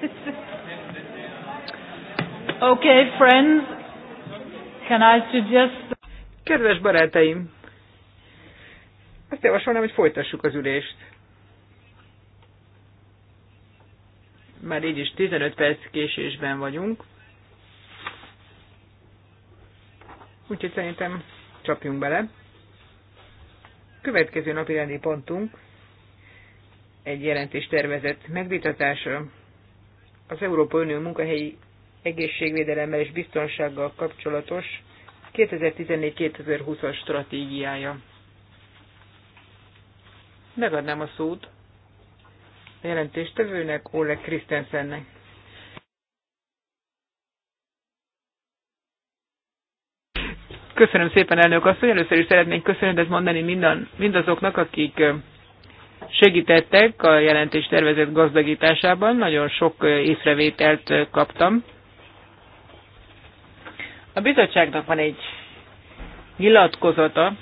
okay, friends, can I suggest... Kedves barátaim, azt javasolnám, hogy folytassuk az ülést. Már így is 15 perc késésben vagyunk. Úgyhogy szerintem csapjunk bele. Következő napi rendi pontunk egy jelentés tervezett megvitatása az Európai Unió munkahelyi egészségvédelemmel és biztonsággal kapcsolatos 2014-2020-as stratégiája. Megadnám a szót a jelentéstevőnek, Ole Krisztenszennek. Köszönöm szépen, elnök asszony. Először is szeretnék köszönetet mondani mindazoknak, akik segítettek a jelentés tervezett gazdagításában, nagyon sok észrevételt kaptam. A bizottságnak van egy nyilatkozata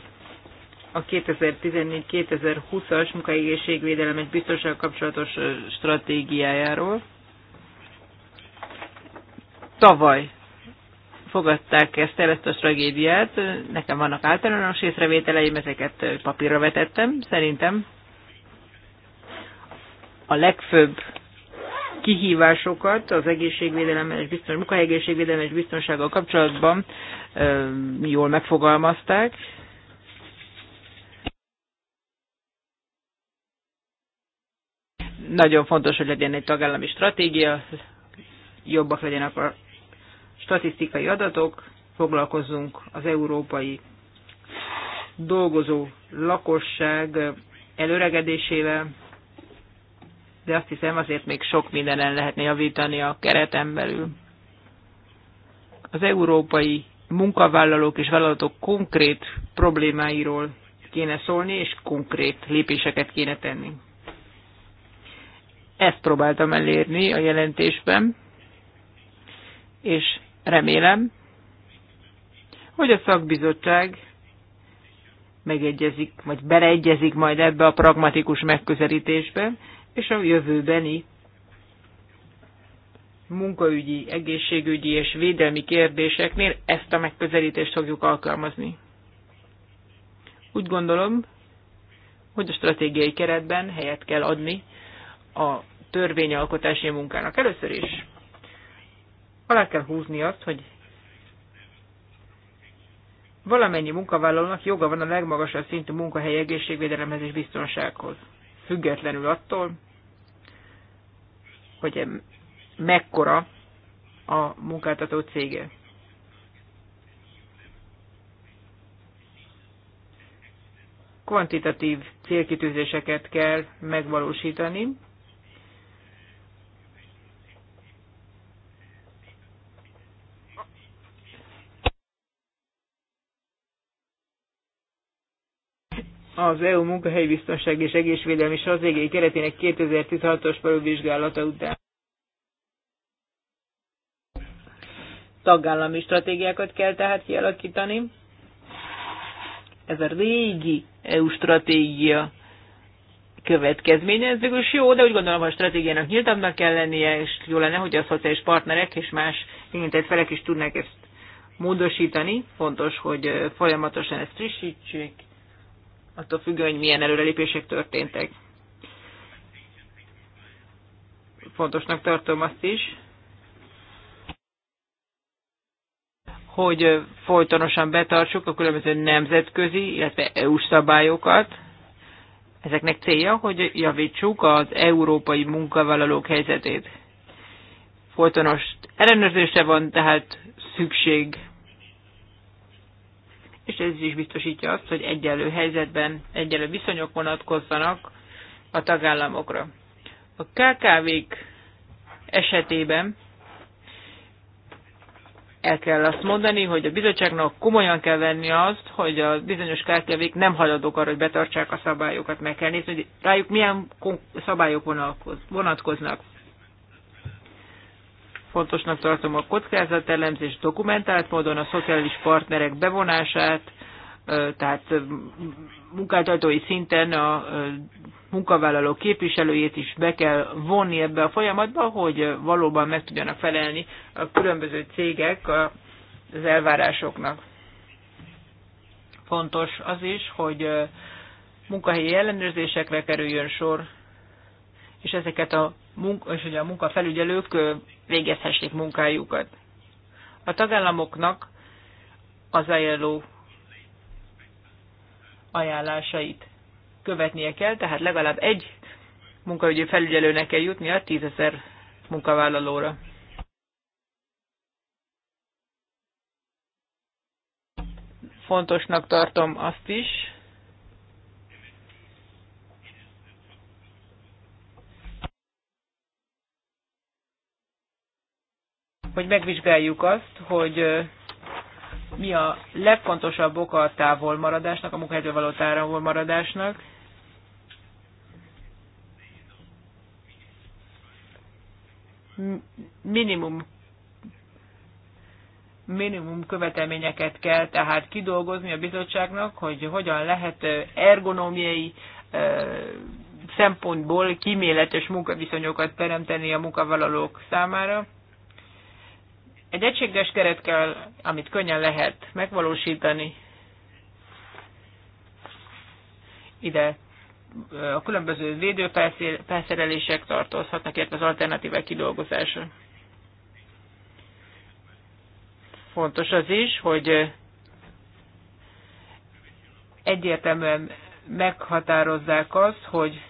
a 2014-2020-as munkaegészségvédelem egy biztosan kapcsolatos stratégiájáról. Tavaly fogadták ezt el, ezt a tragédiát. Nekem vannak általános észrevételeim, ezeket papírra vetettem. Szerintem a legfőbb kihívásokat az egészségvédelemmel és biztonság, munkahelyegészségvédelem és biztonsággal kapcsolatban jól megfogalmazták. Nagyon fontos, hogy legyen egy tagállami stratégia, jobbak legyenek a statisztikai adatok, foglalkozzunk az európai dolgozó lakosság előregedésével, de azt hiszem azért még sok mindenen lehetne javítani a kereten belül. Az európai munkavállalók és vállalatok konkrét problémáiról kéne szólni, és konkrét lépéseket kéne tenni. Ezt próbáltam elérni a jelentésben, és remélem, hogy a szakbizottság megegyezik, vagy beleegyezik majd ebbe a pragmatikus megközelítésbe, és a jövőbeni munkaügyi, egészségügyi és védelmi kérdéseknél ezt a megközelítést fogjuk alkalmazni. Úgy gondolom, hogy a stratégiai keretben helyet kell adni a törvényalkotási munkának. Először is alá kell húzni azt, hogy valamennyi munkavállalónak joga van a legmagasabb szintű munkahelyi egészségvédelemhez és biztonsághoz, függetlenül attól, hogy mekkora a munkáltató cége. Kvantitatív célkitűzéseket kell megvalósítani, az EU biztonság és egészvédelmi stratégiai keretének 2016-os felülvizsgálata után. Tagállami stratégiákat kell tehát kialakítani. Ez a régi EU stratégia következménye. Ez végül is jó, de úgy gondolom, hogy a stratégiának nyíltabbnak kell lennie, és jó lenne, hogy a szociális partnerek és más érintett felek is tudnak ezt módosítani. Fontos, hogy folyamatosan ezt frissítsék, attól függően, hogy milyen előrelépések történtek. Fontosnak tartom azt is, hogy folytonosan betartsuk a különböző nemzetközi, illetve eu szabályokat. Ezeknek célja, hogy javítsuk az európai munkavállalók helyzetét. Folytonos ellenőrzése van tehát szükség és ez is biztosítja azt, hogy egyenlő helyzetben, egyenlő viszonyok vonatkozzanak a tagállamokra. A KKV-k esetében el kell azt mondani, hogy a bizottságnak komolyan kell venni azt, hogy a bizonyos kkv nem hajlandók arra, hogy betartsák a szabályokat, meg kell nézni, hogy rájuk milyen szabályok vonatkoznak. Fontosnak tartom a kockázatelemzés dokumentált módon, a szociális partnerek bevonását, tehát munkáltatói szinten a munkavállaló képviselőjét is be kell vonni ebbe a folyamatba, hogy valóban meg tudjanak felelni a különböző cégek az elvárásoknak. Fontos az is, hogy munkahelyi ellenőrzésekre kerüljön sor, és ezeket a munka, és hogy a munkafelügyelők végezhessék munkájukat. A tagállamoknak az ajánló ajánlásait követnie kell, tehát legalább egy munkaügyi felügyelőnek kell jutnia tízezer munkavállalóra. Fontosnak tartom azt is, hogy megvizsgáljuk azt, hogy mi a legfontosabb oka a távolmaradásnak, a munkahelyről való távolmaradásnak. Minimum minimum követelményeket kell tehát kidolgozni a bizottságnak, hogy hogyan lehet ergonómiai szempontból kíméletes munkaviszonyokat teremteni a munkavállalók számára. Egy egységes keret kell, amit könnyen lehet megvalósítani. Ide a különböző védőfelszerelések tartozhatnak, illetve az alternatívek kidolgozása. Fontos az is, hogy egyértelműen meghatározzák azt, hogy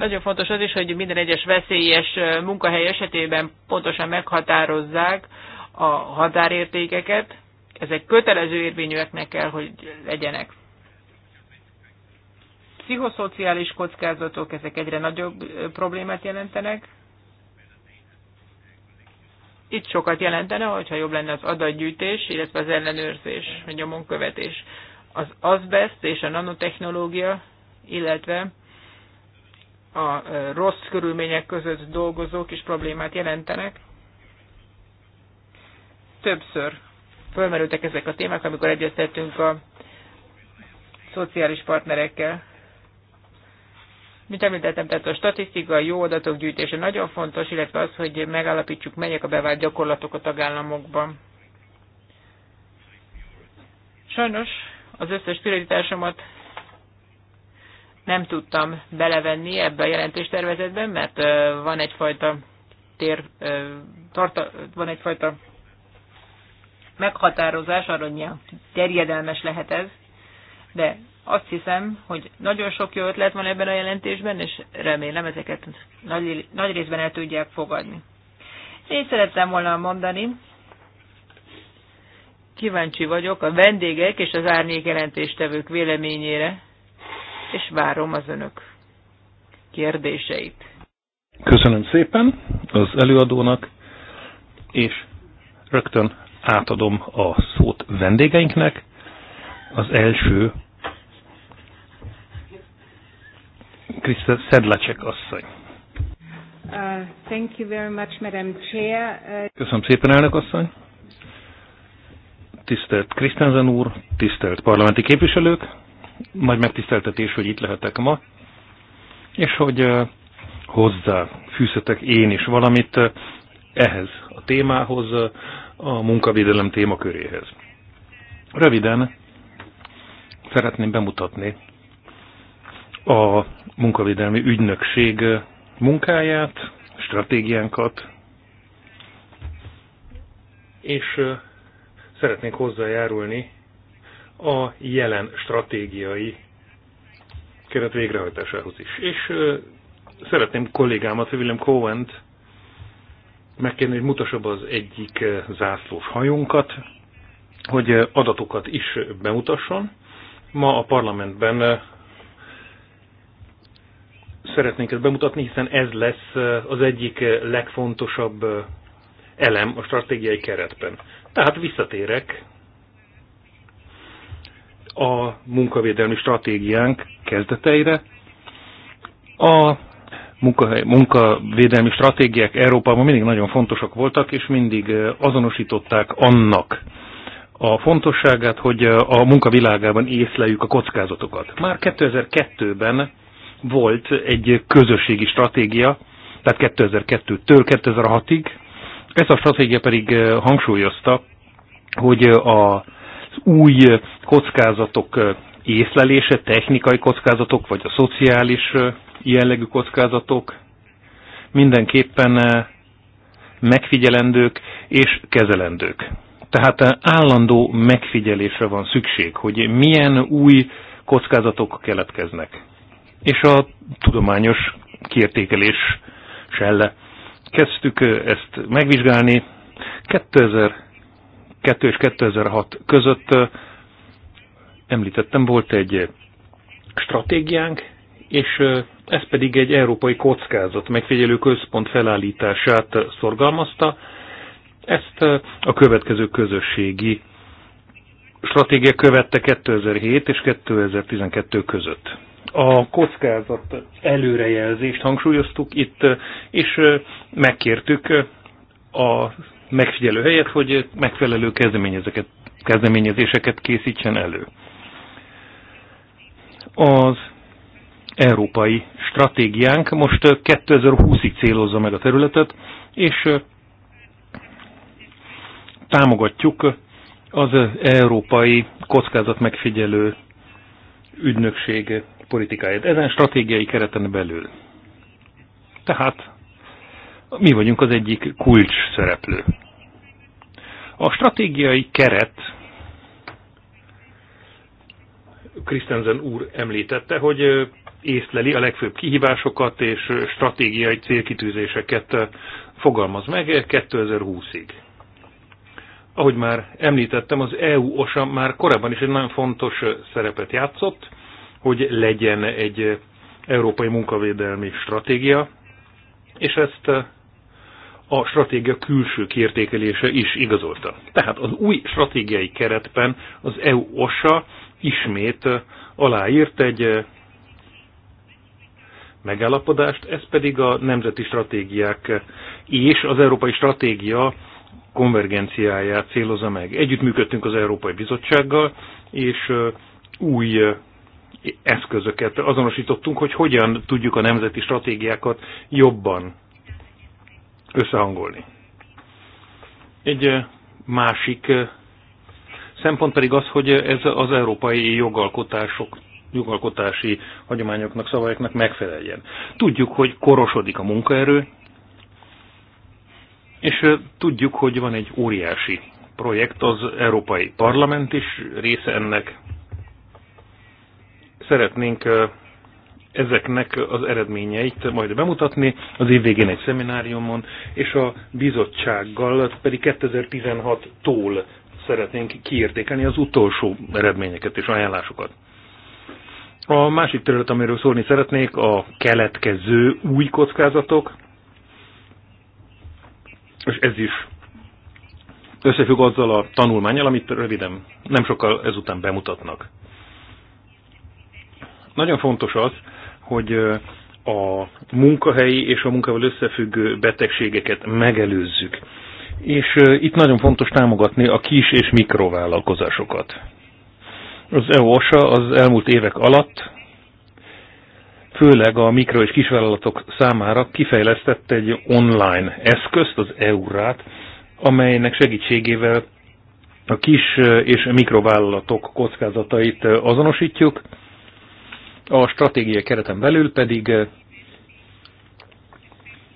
Nagyon fontos az is, hogy minden egyes veszélyes munkahely esetében pontosan meghatározzák a határértékeket. Ezek kötelező érvényűeknek kell, hogy legyenek. Pszichoszociális kockázatok, ezek egyre nagyobb problémát jelentenek. Itt sokat jelentene, hogyha jobb lenne az adatgyűjtés, illetve az ellenőrzés, a nyomonkövetés. Az azbest és a nanotechnológia, illetve a rossz körülmények között dolgozók is problémát jelentenek. Többször fölmerültek ezek a témák, amikor egyeztettünk a szociális partnerekkel. Mint említettem, tehát a statisztika, a jó adatok gyűjtése nagyon fontos, illetve az, hogy megállapítsuk, melyek a bevált gyakorlatok a tagállamokban. Sajnos az összes prioritásomat nem tudtam belevenni ebbe a jelentéstervezetben, mert van egyfajta tér, tarta, van egyfajta meghatározás arra, hogy terjedelmes lehet ez, de azt hiszem, hogy nagyon sok jó ötlet van ebben a jelentésben, és remélem ezeket nagy, nagy részben el tudják fogadni. Én szerettem volna mondani, kíváncsi vagyok a vendégek és az árnyék jelentéstevők véleményére és várom az önök kérdéseit. Köszönöm szépen az előadónak, és rögtön átadom a szót vendégeinknek. Az első Krista Szedlacek asszony. Uh, thank you very much, Madam Chair. Uh... Köszönöm szépen, elnök asszony. Tisztelt Krisztenzen úr, tisztelt parlamenti képviselők, nagy megtiszteltetés, hogy itt lehetek ma, és hogy hozzá fűzhetek én is valamit ehhez a témához, a munkavédelem témaköréhez. Röviden szeretném bemutatni a munkavédelmi ügynökség munkáját, stratégiánkat, és szeretnék hozzájárulni a jelen stratégiai keret végrehajtásához is. És szeretném kollégámat, William cohen megkérni, hogy mutassa be az egyik zászlós hajunkat, hogy adatokat is bemutasson. Ma a parlamentben szeretnénk ezt bemutatni, hiszen ez lesz az egyik legfontosabb elem a stratégiai keretben. Tehát visszatérek a munkavédelmi stratégiánk kezdeteire. A munkavédelmi stratégiák Európában mindig nagyon fontosak voltak, és mindig azonosították annak a fontosságát, hogy a munkavilágában észleljük a kockázatokat. Már 2002-ben volt egy közösségi stratégia, tehát 2002-től 2006-ig. Ez a stratégia pedig hangsúlyozta, hogy a új kockázatok észlelése, technikai kockázatok, vagy a szociális jellegű kockázatok mindenképpen megfigyelendők és kezelendők. Tehát állandó megfigyelésre van szükség, hogy milyen új kockázatok keletkeznek. És a tudományos kiértékeléssel kezdtük ezt megvizsgálni. 2000 2002 és 2006 között említettem, volt egy stratégiánk, és ez pedig egy európai kockázat megfigyelő központ felállítását szorgalmazta. Ezt a következő közösségi stratégia követte 2007 és 2012 között. A kockázat előrejelzést hangsúlyoztuk itt, és megkértük a megfigyelő helyet, hogy megfelelő kezdeményezeket, kezdeményezéseket készítsen elő. Az európai stratégiánk most 2020-ig célozza meg a területet, és támogatjuk az európai kockázatmegfigyelő ügynökség politikáját. Ezen stratégiai kereten belül. Tehát mi vagyunk az egyik kulcs szereplő. A stratégiai keret, Christensen úr említette, hogy észleli a legfőbb kihívásokat és stratégiai célkitűzéseket fogalmaz meg 2020-ig. Ahogy már említettem, az EU OSA már korábban is egy nagyon fontos szerepet játszott, hogy legyen egy európai munkavédelmi stratégia, és ezt a stratégia külső kiértékelése is igazolta. Tehát az új stratégiai keretben az EU OSA ismét aláírt egy eh, megállapodást, ez pedig a nemzeti stratégiák eh, és az európai stratégia konvergenciáját célozza meg. Együttműködtünk az Európai Bizottsággal, és eh, új eszközöket azonosítottunk, hogy hogyan tudjuk a nemzeti stratégiákat jobban összehangolni. Egy másik szempont pedig az, hogy ez az európai jogalkotások jogalkotási hagyományoknak, szabályoknak megfeleljen. Tudjuk, hogy korosodik a munkaerő, és tudjuk, hogy van egy óriási projekt, az Európai Parlament is része ennek. Szeretnénk ezeknek az eredményeit majd bemutatni az év végén egy szemináriumon, és a bizottsággal pedig 2016-tól szeretnénk kiértékelni az utolsó eredményeket és ajánlásokat. A másik terület, amiről szólni szeretnék, a keletkező új kockázatok, és ez is összefügg azzal a tanulmányal, amit röviden, nem sokkal ezután bemutatnak. Nagyon fontos az, hogy a munkahelyi és a munkával összefüggő betegségeket megelőzzük. És itt nagyon fontos támogatni a kis és mikrovállalkozásokat. Az e osa az elmúlt évek alatt főleg a mikro és kisvállalatok számára kifejlesztett egy online eszközt, az Eurát, amelynek segítségével a kis és mikrovállalatok kockázatait azonosítjuk, a stratégiai kereten belül pedig eh,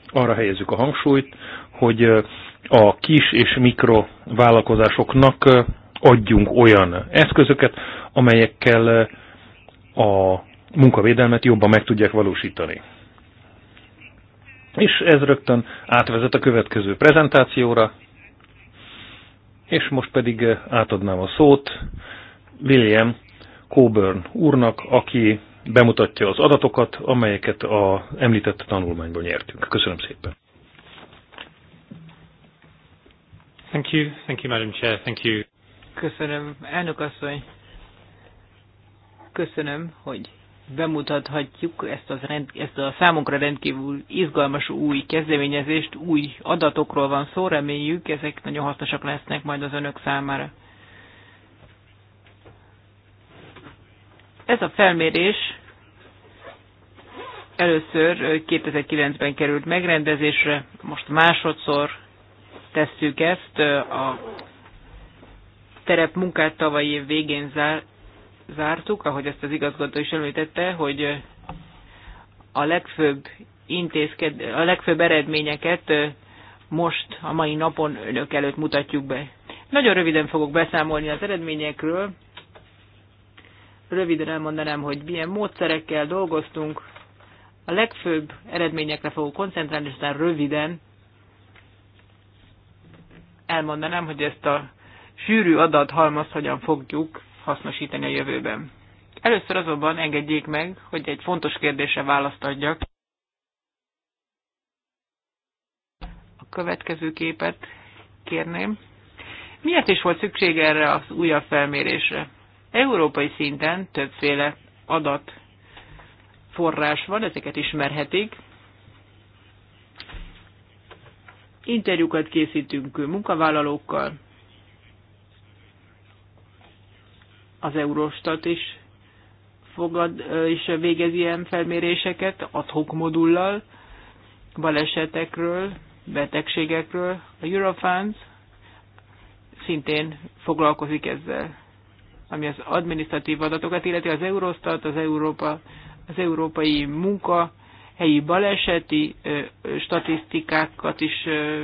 arra helyezzük a hangsúlyt, hogy eh, a kis és mikro vállalkozásoknak eh, adjunk olyan eszközöket, amelyekkel a munkavédelmet jobban meg tudják valósítani. És ez rögtön átvezet a következő prezentációra, és most pedig átadnám a szót William Coburn úrnak, aki bemutatja az adatokat, amelyeket a említett tanulmányban nyertünk. Köszönöm szépen. Thank you, thank you, Madam Chair, thank you. Köszönöm, elnök asszony. Köszönöm, hogy bemutathatjuk ezt, az rend, ezt a számunkra rendkívül izgalmas új kezdeményezést, új adatokról van szó, reméljük, ezek nagyon hasznosak lesznek majd az önök számára. Ez a felmérés először 2009-ben került megrendezésre, most másodszor tesszük ezt. A terep munkát tavalyi év végén zár, zártuk, ahogy ezt az igazgató is említette, hogy a legfőbb intézked, a legfőbb eredményeket most, a mai napon önök előtt mutatjuk be. Nagyon röviden fogok beszámolni az eredményekről, Röviden elmondanám, hogy milyen módszerekkel dolgoztunk. A legfőbb eredményekre fogok koncentrálni, és aztán röviden elmondanám, hogy ezt a sűrű adathalmaz hogyan fogjuk hasznosítani a jövőben. Először azonban engedjék meg, hogy egy fontos kérdésre választ adjak. A következő képet kérném. Miért is volt szükség erre az újabb felmérésre? Európai szinten többféle adat forrás van, ezeket ismerhetik. Interjúkat készítünk munkavállalókkal, az Eurostat is fogad, és végez ilyen felméréseket adhok modullal, balesetekről, betegségekről. A Eurofans szintén foglalkozik ezzel ami az adminisztratív adatokat illeti az Eurostat, az, Európa, az európai munka, helyi baleseti statisztikákat is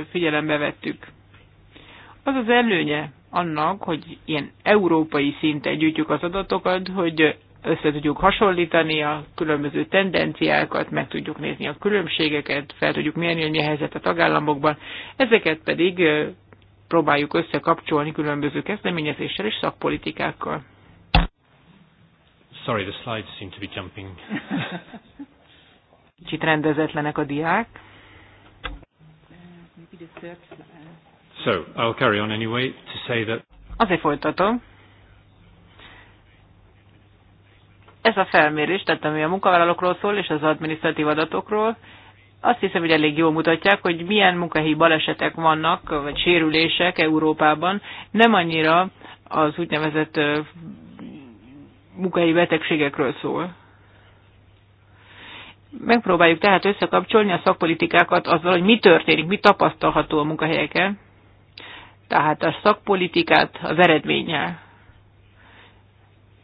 figyelembe vettük. Az az előnye annak, hogy ilyen európai szinten gyűjtjük az adatokat, hogy össze tudjuk hasonlítani a különböző tendenciákat, meg tudjuk nézni a különbségeket, fel tudjuk mérni, hogy mi a helyzet a tagállamokban, ezeket pedig próbáljuk összekapcsolni különböző kezdeményezéssel és szakpolitikákkal. Sorry, the slides seem to be jumping. Kicsit rendezetlenek a diák. So, I'll carry on anyway to say that... Azért folytatom. Ez a felmérés, tehát ami a munkavállalókról szól, és az adminisztratív adatokról, azt hiszem, hogy elég jól mutatják, hogy milyen munkahelyi balesetek vannak, vagy sérülések Európában. Nem annyira az úgynevezett munkahelyi betegségekről szól. Megpróbáljuk tehát összekapcsolni a szakpolitikákat azzal, hogy mi történik, mi tapasztalható a munkahelyeken. Tehát a szakpolitikát az eredménnyel.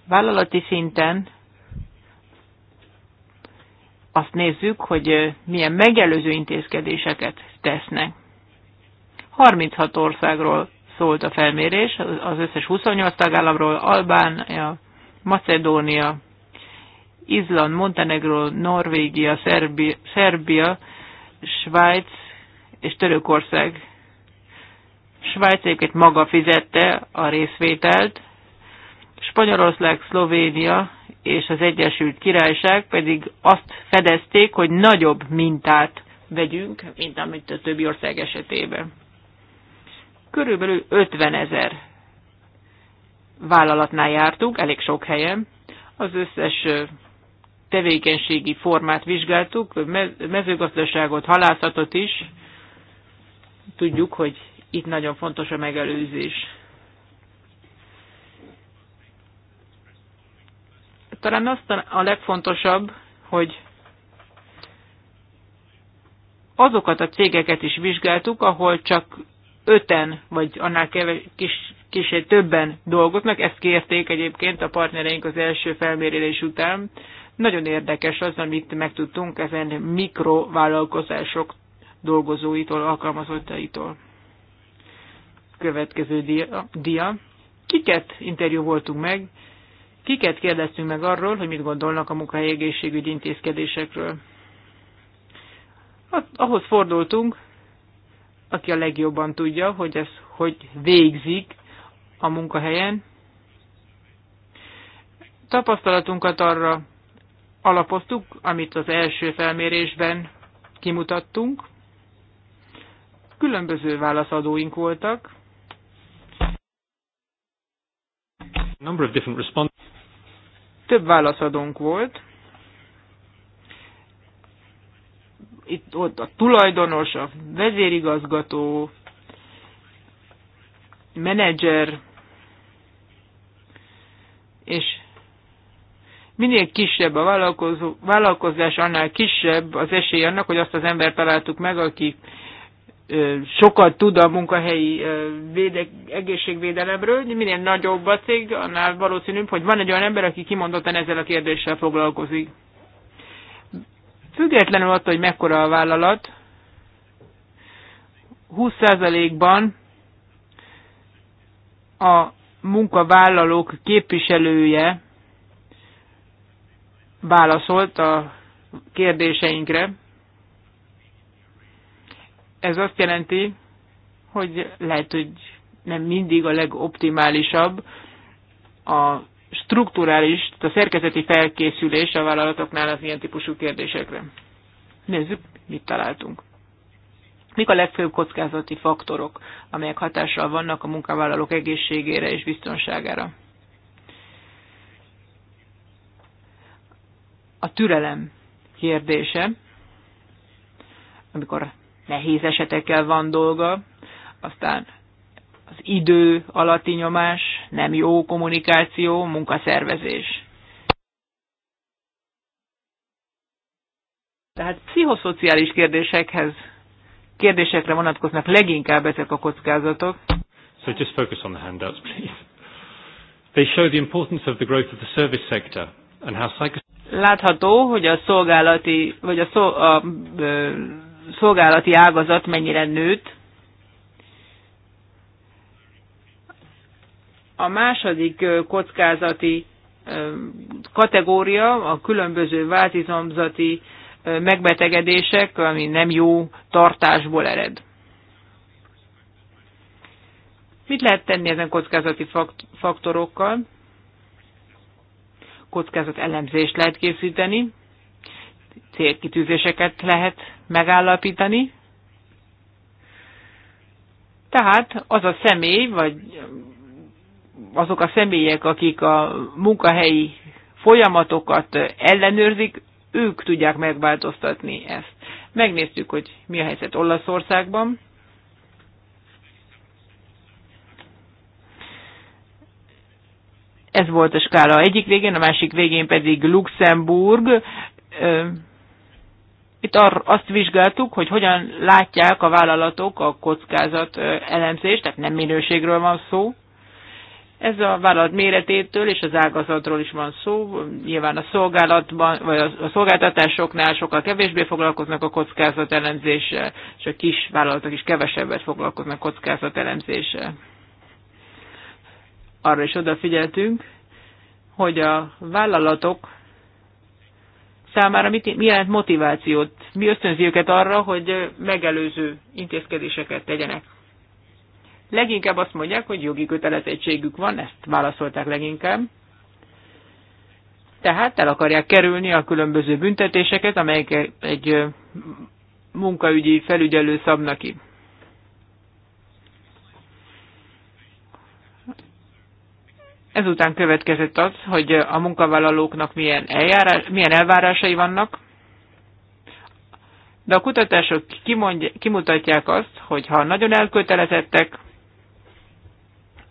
Vállalati szinten azt nézzük, hogy milyen megelőző intézkedéseket tesznek. 36 országról szólt a felmérés, az összes 28 tagállamról, Albánia, Macedónia, Izland, Montenegro, Norvégia, Szerbia, Szerbia Svájc és Törökország. Svájc egyébként maga fizette a részvételt, Spanyolország, Szlovénia és az Egyesült Királyság pedig azt fedezték, hogy nagyobb mintát vegyünk, mint amit a többi ország esetében. Körülbelül 50 ezer vállalatnál jártunk, elég sok helyen. Az összes tevékenységi formát vizsgáltuk, mezőgazdaságot, halászatot is. Tudjuk, hogy itt nagyon fontos a megelőzés. Talán azt a legfontosabb, hogy azokat a cégeket is vizsgáltuk, ahol csak öten, vagy annál keves, kis, többen dolgoznak, ezt kérték egyébként a partnereink az első felmérés után. Nagyon érdekes az, amit megtudtunk ezen mikrovállalkozások dolgozóitól, alkalmazottaitól. Következő dia. dia. Kiket interjú voltunk meg? Kiket kérdeztünk meg arról, hogy mit gondolnak a munkahelyi egészségügyi intézkedésekről? Hát, ahhoz fordultunk, aki a legjobban tudja, hogy ez hogy végzik a munkahelyen. Tapasztalatunkat arra alapoztuk, amit az első felmérésben kimutattunk. Különböző válaszadóink voltak. Több válaszadónk volt. Itt ott a tulajdonos, a vezérigazgató, menedzser, és minél kisebb a vállalkozás, annál kisebb az esély annak, hogy azt az ember találtuk meg, aki sokat tud a munkahelyi védek, egészségvédelemről, de minél nagyobb a cég, annál valószínűbb, hogy van egy olyan ember, aki kimondottan ezzel a kérdéssel foglalkozik. Függetlenül attól, hogy mekkora a vállalat, 20%-ban a munkavállalók képviselője válaszolt a kérdéseinkre, ez azt jelenti, hogy lehet, hogy nem mindig a legoptimálisabb a strukturális, a szerkezeti felkészülés a vállalatoknál az ilyen típusú kérdésekre. Nézzük, mit találtunk. Mik a legfőbb kockázati faktorok, amelyek hatással vannak a munkavállalók egészségére és biztonságára? A türelem kérdése, amikor nehéz esetekkel van dolga, aztán az idő alatti nyomás, nem jó kommunikáció, munkaszervezés. Tehát pszichoszociális kérdésekhez, kérdésekre vonatkoznak leginkább ezek a kockázatok. So just focus on the handouts, please. They show the importance of the growth of the service sector and how Látható, hogy a szolgálati, vagy a, szol, a, a szolgálati ágazat mennyire nőtt. A második kockázati kategória a különböző váltizomzati megbetegedések, ami nem jó tartásból ered. Mit lehet tenni ezen kockázati faktorokkal? Kockázat elemzést lehet készíteni, célkitűzéseket lehet megállapítani. Tehát az a személy, vagy azok a személyek, akik a munkahelyi folyamatokat ellenőrzik, ők tudják megváltoztatni ezt. Megnéztük, hogy mi a helyzet Olaszországban. Ez volt a skála egyik végén, a másik végén pedig Luxemburg itt azt vizsgáltuk, hogy hogyan látják a vállalatok a kockázat elemzést, tehát nem minőségről van szó. Ez a vállalat méretétől és az ágazatról is van szó. Nyilván a szolgálatban, vagy a szolgáltatásoknál sokkal kevésbé foglalkoznak a kockázat elemzéssel, és a kis vállalatok is kevesebbet foglalkoznak kockázat elemzéssel. Arra is odafigyeltünk, hogy a vállalatok számára mit, milyen motivációt, mi ösztönzi őket arra, hogy megelőző intézkedéseket tegyenek. Leginkább azt mondják, hogy jogi kötelezettségük van, ezt válaszolták leginkább. Tehát el akarják kerülni a különböző büntetéseket, amelyek egy munkaügyi felügyelő szabnak ki. Ezután következett az, hogy a munkavállalóknak milyen, eljárás, milyen elvárásai vannak, de a kutatások kimondj, kimutatják azt, hogy ha nagyon elkötelezettek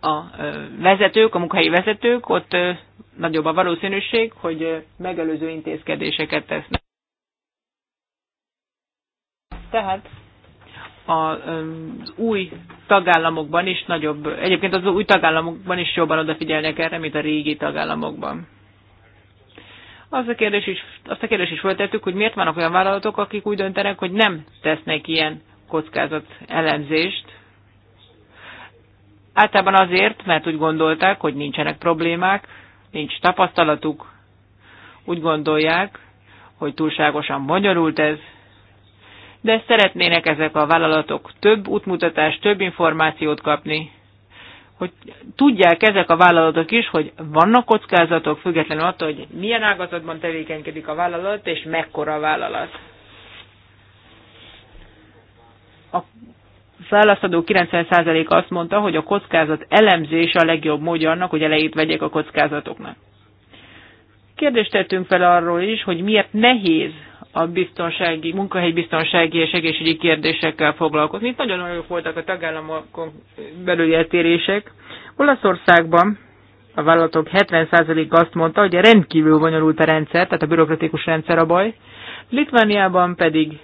a vezetők, a munkahelyi vezetők, ott nagyobb a valószínűség, hogy megelőző intézkedéseket tesznek. Tehát az új tagállamokban is nagyobb, egyébként az új tagállamokban is jobban odafigyelnek erre, mint a régi tagállamokban. Az a kérdés is, azt a kérdés is feltettük, hogy miért vannak olyan vállalatok, akik úgy döntenek, hogy nem tesznek ilyen kockázat elemzést. Általában azért, mert úgy gondolták, hogy nincsenek problémák, nincs tapasztalatuk, úgy gondolják, hogy túlságosan bonyolult ez, de szeretnének ezek a vállalatok több útmutatást, több információt kapni, hogy tudják ezek a vállalatok is, hogy vannak kockázatok, függetlenül attól, hogy milyen ágazatban tevékenykedik a vállalat, és mekkora a vállalat. A választadó 90% azt mondta, hogy a kockázat elemzése a legjobb módja annak, hogy elejét vegyék a kockázatoknak. Kérdést tettünk fel arról is, hogy miért nehéz a biztonsági, munkahelybiztonsági és egészségügyi kérdésekkel foglalkozni. Itt nagyon nagyok voltak a tagállamokon belüli eltérések. Olaszországban a vállalatok 70%-a azt mondta, hogy rendkívül bonyolult a rendszer, tehát a bürokratikus rendszer a baj. Litvániában pedig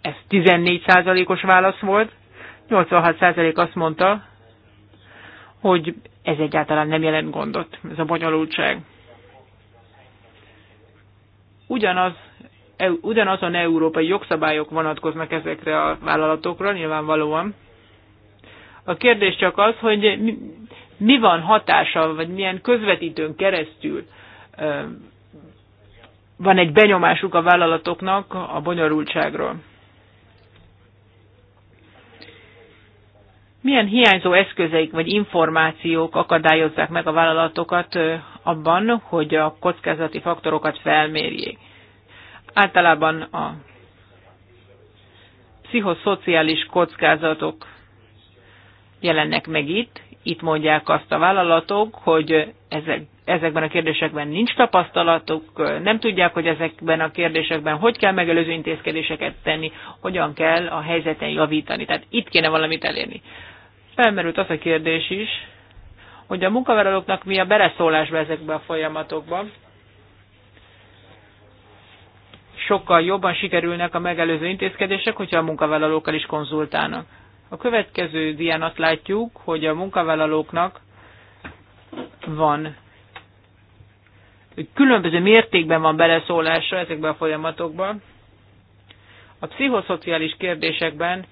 ez 14%-os válasz volt, 86% azt mondta, hogy ez egyáltalán nem jelent gondot, ez a bonyolultság. Ugyanaz ugyanazon európai jogszabályok vonatkoznak ezekre a vállalatokra, nyilvánvalóan. A kérdés csak az, hogy mi van hatása, vagy milyen közvetítőn keresztül van egy benyomásuk a vállalatoknak a bonyolultságról. Milyen hiányzó eszközeik vagy információk akadályozzák meg a vállalatokat abban, hogy a kockázati faktorokat felmérjék? Általában a pszichoszociális kockázatok jelennek meg itt. Itt mondják azt a vállalatok, hogy ezek, ezekben a kérdésekben nincs tapasztalatuk, nem tudják, hogy ezekben a kérdésekben hogy kell megelőző intézkedéseket tenni, hogyan kell a helyzeten javítani. Tehát itt kéne valamit elérni. Felmerült az a kérdés is, hogy a munkavállalóknak mi a beleszólásba ezekbe a folyamatokban? sokkal jobban sikerülnek a megelőző intézkedések, hogyha a munkavállalókkal is konzultálnak. A következő dián azt látjuk, hogy a munkavállalóknak van különböző mértékben van beleszólása ezekben a folyamatokban. A pszichoszociális kérdésekben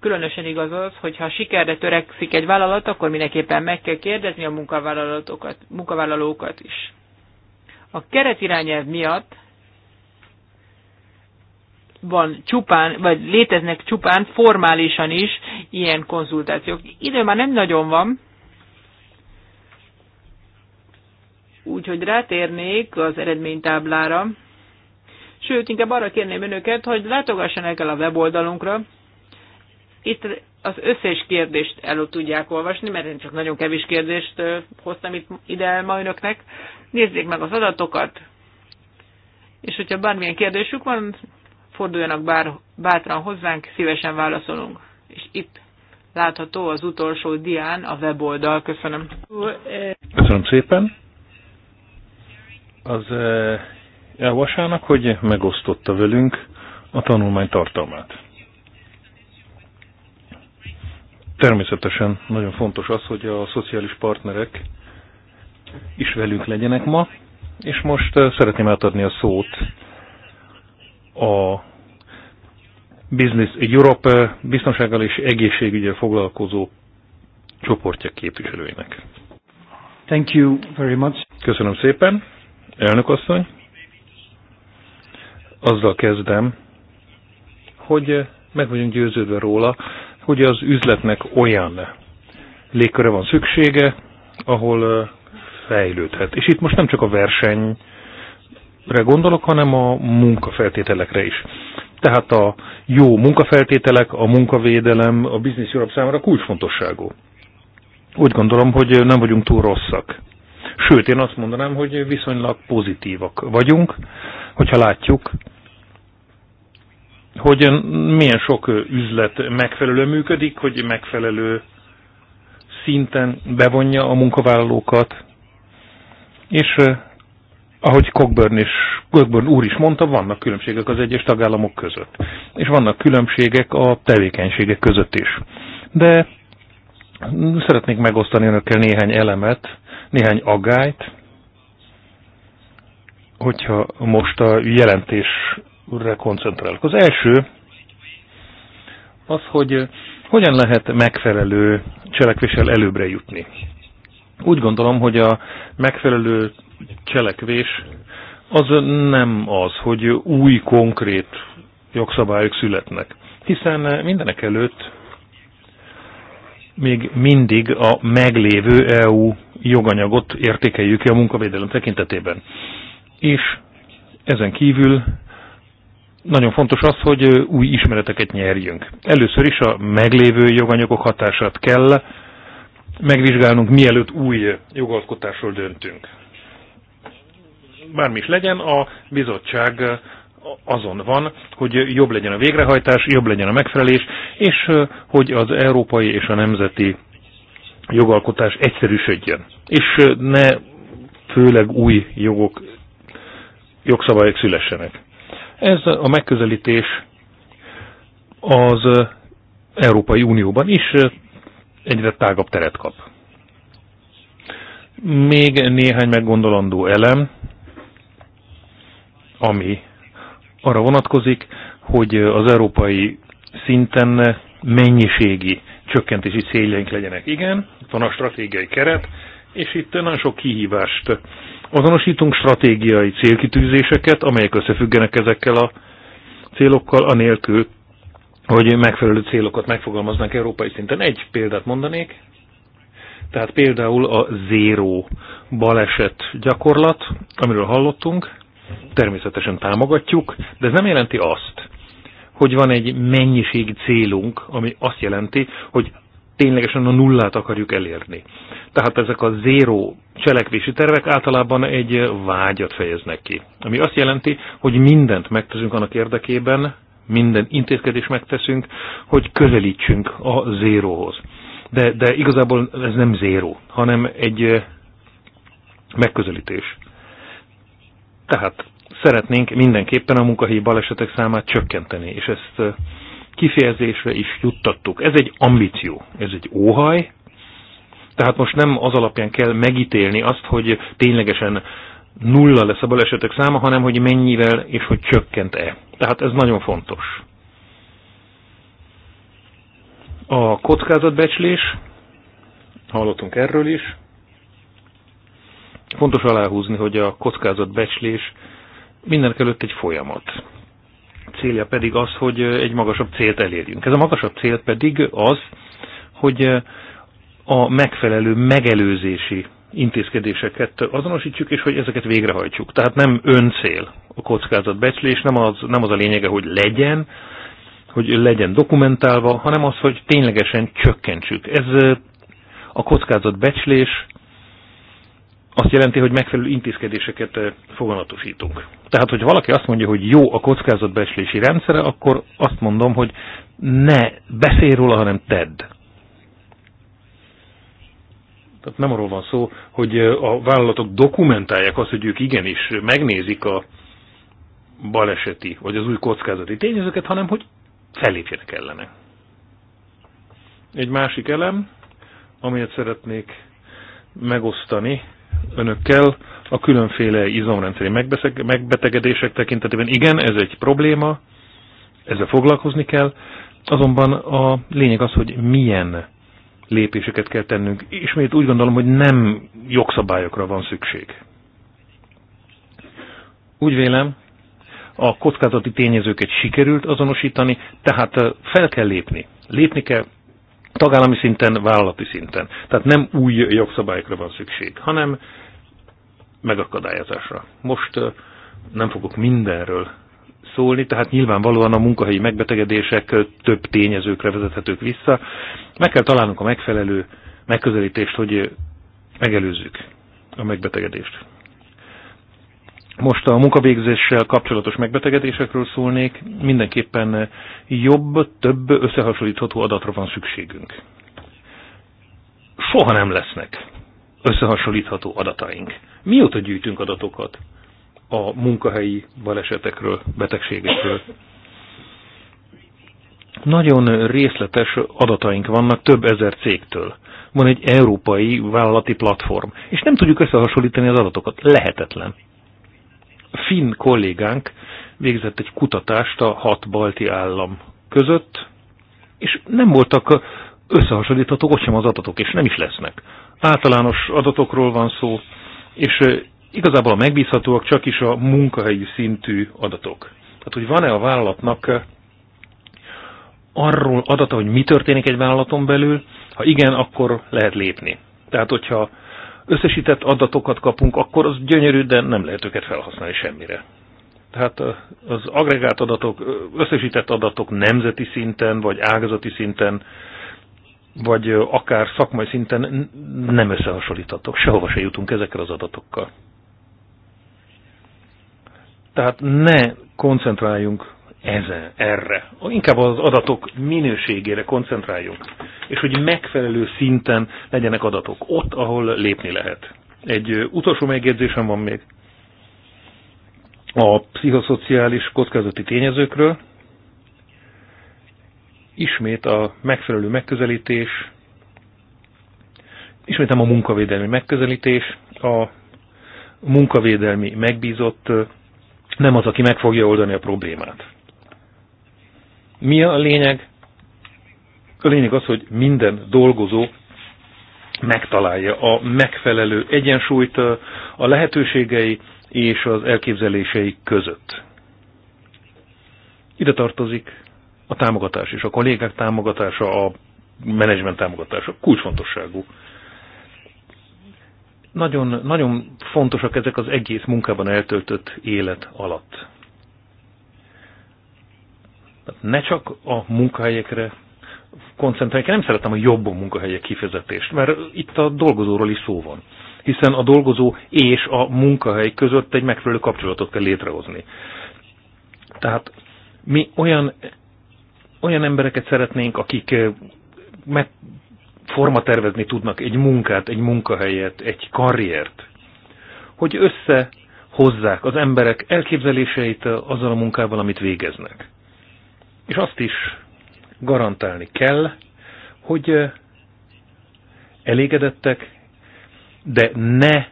különösen igaz az, hogy ha sikerre törekszik egy vállalat, akkor mindenképpen meg kell kérdezni a munkavállalókat, munkavállalókat is. A keretirányelv miatt van csupán, vagy léteznek csupán formálisan is ilyen konzultációk. Idő már nem nagyon van, úgyhogy rátérnék az eredménytáblára. Sőt, inkább arra kérném önöket, hogy látogassanak el a weboldalunkra. Itt az összes kérdést elő tudják olvasni, mert én csak nagyon kevés kérdést hoztam itt ide ma önöknek. Nézzék meg az adatokat, és hogyha bármilyen kérdésük van, forduljanak bár, bátran hozzánk, szívesen válaszolunk. És itt látható az utolsó dián a weboldal. Köszönöm. Köszönöm szépen. Az eh, elvasának, hogy megosztotta velünk a tanulmány tartalmát. Természetesen nagyon fontos az, hogy a szociális partnerek is velünk legyenek ma, és most eh, szeretném átadni a szót a Business Europe eh, biztonsággal és egészségügyel foglalkozó csoportja képviselőinek. Thank you very much. Köszönöm szépen, elnök asszony. Azzal kezdem, hogy meg vagyunk győződve róla, hogy az üzletnek olyan légköre van szüksége, ahol eh, fejlődhet. És itt most nem csak a verseny gondolok, hanem a munkafeltételekre is. Tehát a jó munkafeltételek, a munkavédelem a Business Europe számára kulcsfontosságú. Úgy gondolom, hogy nem vagyunk túl rosszak. Sőt, én azt mondanám, hogy viszonylag pozitívak vagyunk, hogyha látjuk, hogy milyen sok üzlet megfelelő működik, hogy megfelelő szinten bevonja a munkavállalókat, és ahogy Cockburn, és, Cockburn úr is mondta, vannak különbségek az egyes tagállamok között. És vannak különbségek a tevékenységek között is. De szeretnék megosztani önökkel néhány elemet, néhány agályt, hogyha most a jelentésre koncentrálok. Az első az, hogy hogyan lehet megfelelő cselekvéssel előbbre jutni. Úgy gondolom, hogy a megfelelő cselekvés az nem az, hogy új konkrét jogszabályok születnek. Hiszen mindenek előtt még mindig a meglévő EU joganyagot értékeljük ki a munkavédelem tekintetében. És ezen kívül nagyon fontos az, hogy új ismereteket nyerjünk. Először is a meglévő joganyagok hatását kell megvizsgálnunk, mielőtt új jogalkotásról döntünk bármi is legyen, a bizottság azon van, hogy jobb legyen a végrehajtás, jobb legyen a megfelelés, és hogy az európai és a nemzeti jogalkotás egyszerűsödjön. És ne főleg új jogok, jogszabályok szülessenek. Ez a megközelítés az Európai Unióban is egyre tágabb teret kap. Még néhány meggondolandó elem ami arra vonatkozik, hogy az európai szinten mennyiségi csökkentési céljaink legyenek. Igen, itt van a stratégiai keret, és itt nagyon sok kihívást azonosítunk, stratégiai célkitűzéseket, amelyek összefüggenek ezekkel a célokkal, anélkül, hogy megfelelő célokat megfogalmaznak európai szinten. Egy példát mondanék, tehát például a zéró baleset gyakorlat, amiről hallottunk, természetesen támogatjuk, de ez nem jelenti azt, hogy van egy mennyiségi célunk, ami azt jelenti, hogy ténylegesen a nullát akarjuk elérni. Tehát ezek a zéró cselekvési tervek általában egy vágyat fejeznek ki. Ami azt jelenti, hogy mindent megteszünk annak érdekében, minden intézkedést megteszünk, hogy közelítsünk a zéróhoz. De, de igazából ez nem zéró, hanem egy megközelítés. Tehát szeretnénk mindenképpen a munkahelyi balesetek számát csökkenteni, és ezt kifejezésre is juttattuk. Ez egy ambíció, ez egy óhaj, tehát most nem az alapján kell megítélni azt, hogy ténylegesen nulla lesz a balesetek száma, hanem hogy mennyivel és hogy csökkent-e. Tehát ez nagyon fontos. A kockázatbecslés, hallottunk erről is, Fontos aláhúzni, hogy a kockázatbecslés mindenek előtt egy folyamat. Célja pedig az, hogy egy magasabb célt elérjünk. Ez a magasabb cél pedig az, hogy a megfelelő megelőzési intézkedéseket azonosítsuk, és hogy ezeket végrehajtsuk. Tehát nem öncél a kockázatbecslés, nem az, nem az a lényege, hogy legyen, hogy legyen dokumentálva, hanem az, hogy ténylegesen csökkentsük. Ez a kockázatbecslés azt jelenti, hogy megfelelő intézkedéseket eh, foganatosítunk. Tehát, hogy valaki azt mondja, hogy jó a kockázatbeeslési rendszere, akkor azt mondom, hogy ne beszélj róla, hanem tedd. Tehát nem arról van szó, hogy eh, a vállalatok dokumentálják azt, hogy ők igenis megnézik a baleseti, vagy az új kockázati tényezőket, hanem hogy fellépjenek ellene. Egy másik elem, amelyet szeretnék megosztani, önökkel a különféle izomrendszeri megbetegedések tekintetében. Igen, ez egy probléma, ezzel foglalkozni kell, azonban a lényeg az, hogy milyen lépéseket kell tennünk. Ismét úgy gondolom, hogy nem jogszabályokra van szükség. Úgy vélem, a kockázati tényezőket sikerült azonosítani, tehát fel kell lépni. Lépni kell, tagállami szinten, vállalati szinten. Tehát nem új jogszabályokra van szükség, hanem megakadályozásra. Most nem fogok mindenről szólni, tehát nyilvánvalóan a munkahelyi megbetegedések több tényezőkre vezethetők vissza. Meg kell találnunk a megfelelő megközelítést, hogy megelőzzük a megbetegedést. Most a munkavégzéssel kapcsolatos megbetegedésekről szólnék, mindenképpen jobb, több összehasonlítható adatra van szükségünk. Soha nem lesznek összehasonlítható adataink. Mióta gyűjtünk adatokat a munkahelyi balesetekről, betegségekről? Nagyon részletes adataink vannak több ezer cégtől. Van egy európai vállalati platform, és nem tudjuk összehasonlítani az adatokat. Lehetetlen finn kollégánk végzett egy kutatást a hat balti állam között, és nem voltak összehasonlíthatók ott sem az adatok, és nem is lesznek. Általános adatokról van szó, és igazából a megbízhatóak csak is a munkahelyi szintű adatok. Tehát, hogy van-e a vállalatnak arról adata, hogy mi történik egy vállalaton belül, ha igen, akkor lehet lépni. Tehát, hogyha összesített adatokat kapunk, akkor az gyönyörű, de nem lehet őket felhasználni semmire. Tehát az agregált adatok, összesített adatok nemzeti szinten, vagy ágazati szinten, vagy akár szakmai szinten nem összehasonlíthatók. Sehova se jutunk ezekkel az adatokkal. Tehát ne koncentráljunk ezen, erre. Inkább az adatok minőségére koncentráljunk, és hogy megfelelő szinten legyenek adatok, ott, ahol lépni lehet. Egy utolsó megjegyzésem van még a pszichoszociális kockázati tényezőkről. Ismét a megfelelő megközelítés, ismét nem a munkavédelmi megközelítés, a munkavédelmi megbízott nem az, aki meg fogja oldani a problémát. Mi a lényeg? A lényeg az, hogy minden dolgozó megtalálja a megfelelő egyensúlyt a lehetőségei és az elképzelései között. Ide tartozik a támogatás és a kollégák támogatása, a menedzsment támogatása kulcsfontosságú. Nagyon, nagyon fontosak ezek az egész munkában eltöltött élet alatt. Ne csak a munkahelyekre koncentrálják. Nem szeretem a jobb a munkahelyek kifejezetést, mert itt a dolgozóról is szó van. Hiszen a dolgozó és a munkahely között egy megfelelő kapcsolatot kell létrehozni. Tehát mi olyan, olyan embereket szeretnénk, akik eh, meg forma tervezni tudnak egy munkát, egy munkahelyet, egy karriert, hogy összehozzák az emberek elképzeléseit azzal a munkával, amit végeznek. És azt is garantálni kell, hogy elégedettek, de ne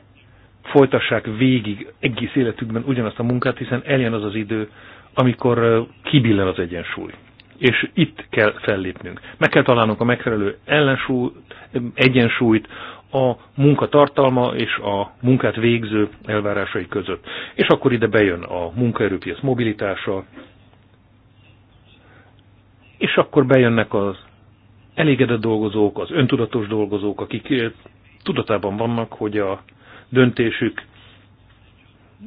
folytassák végig egész életükben ugyanazt a munkát, hiszen eljön az az idő, amikor kibillen az egyensúly. És itt kell fellépnünk. Meg kell találnunk a megfelelő ellensúly, egyensúlyt a munka tartalma és a munkát végző elvárásai között. És akkor ide bejön a munkaerőpiac mobilitása, és akkor bejönnek az elégedett dolgozók, az öntudatos dolgozók, akik eh, tudatában vannak, hogy a döntésük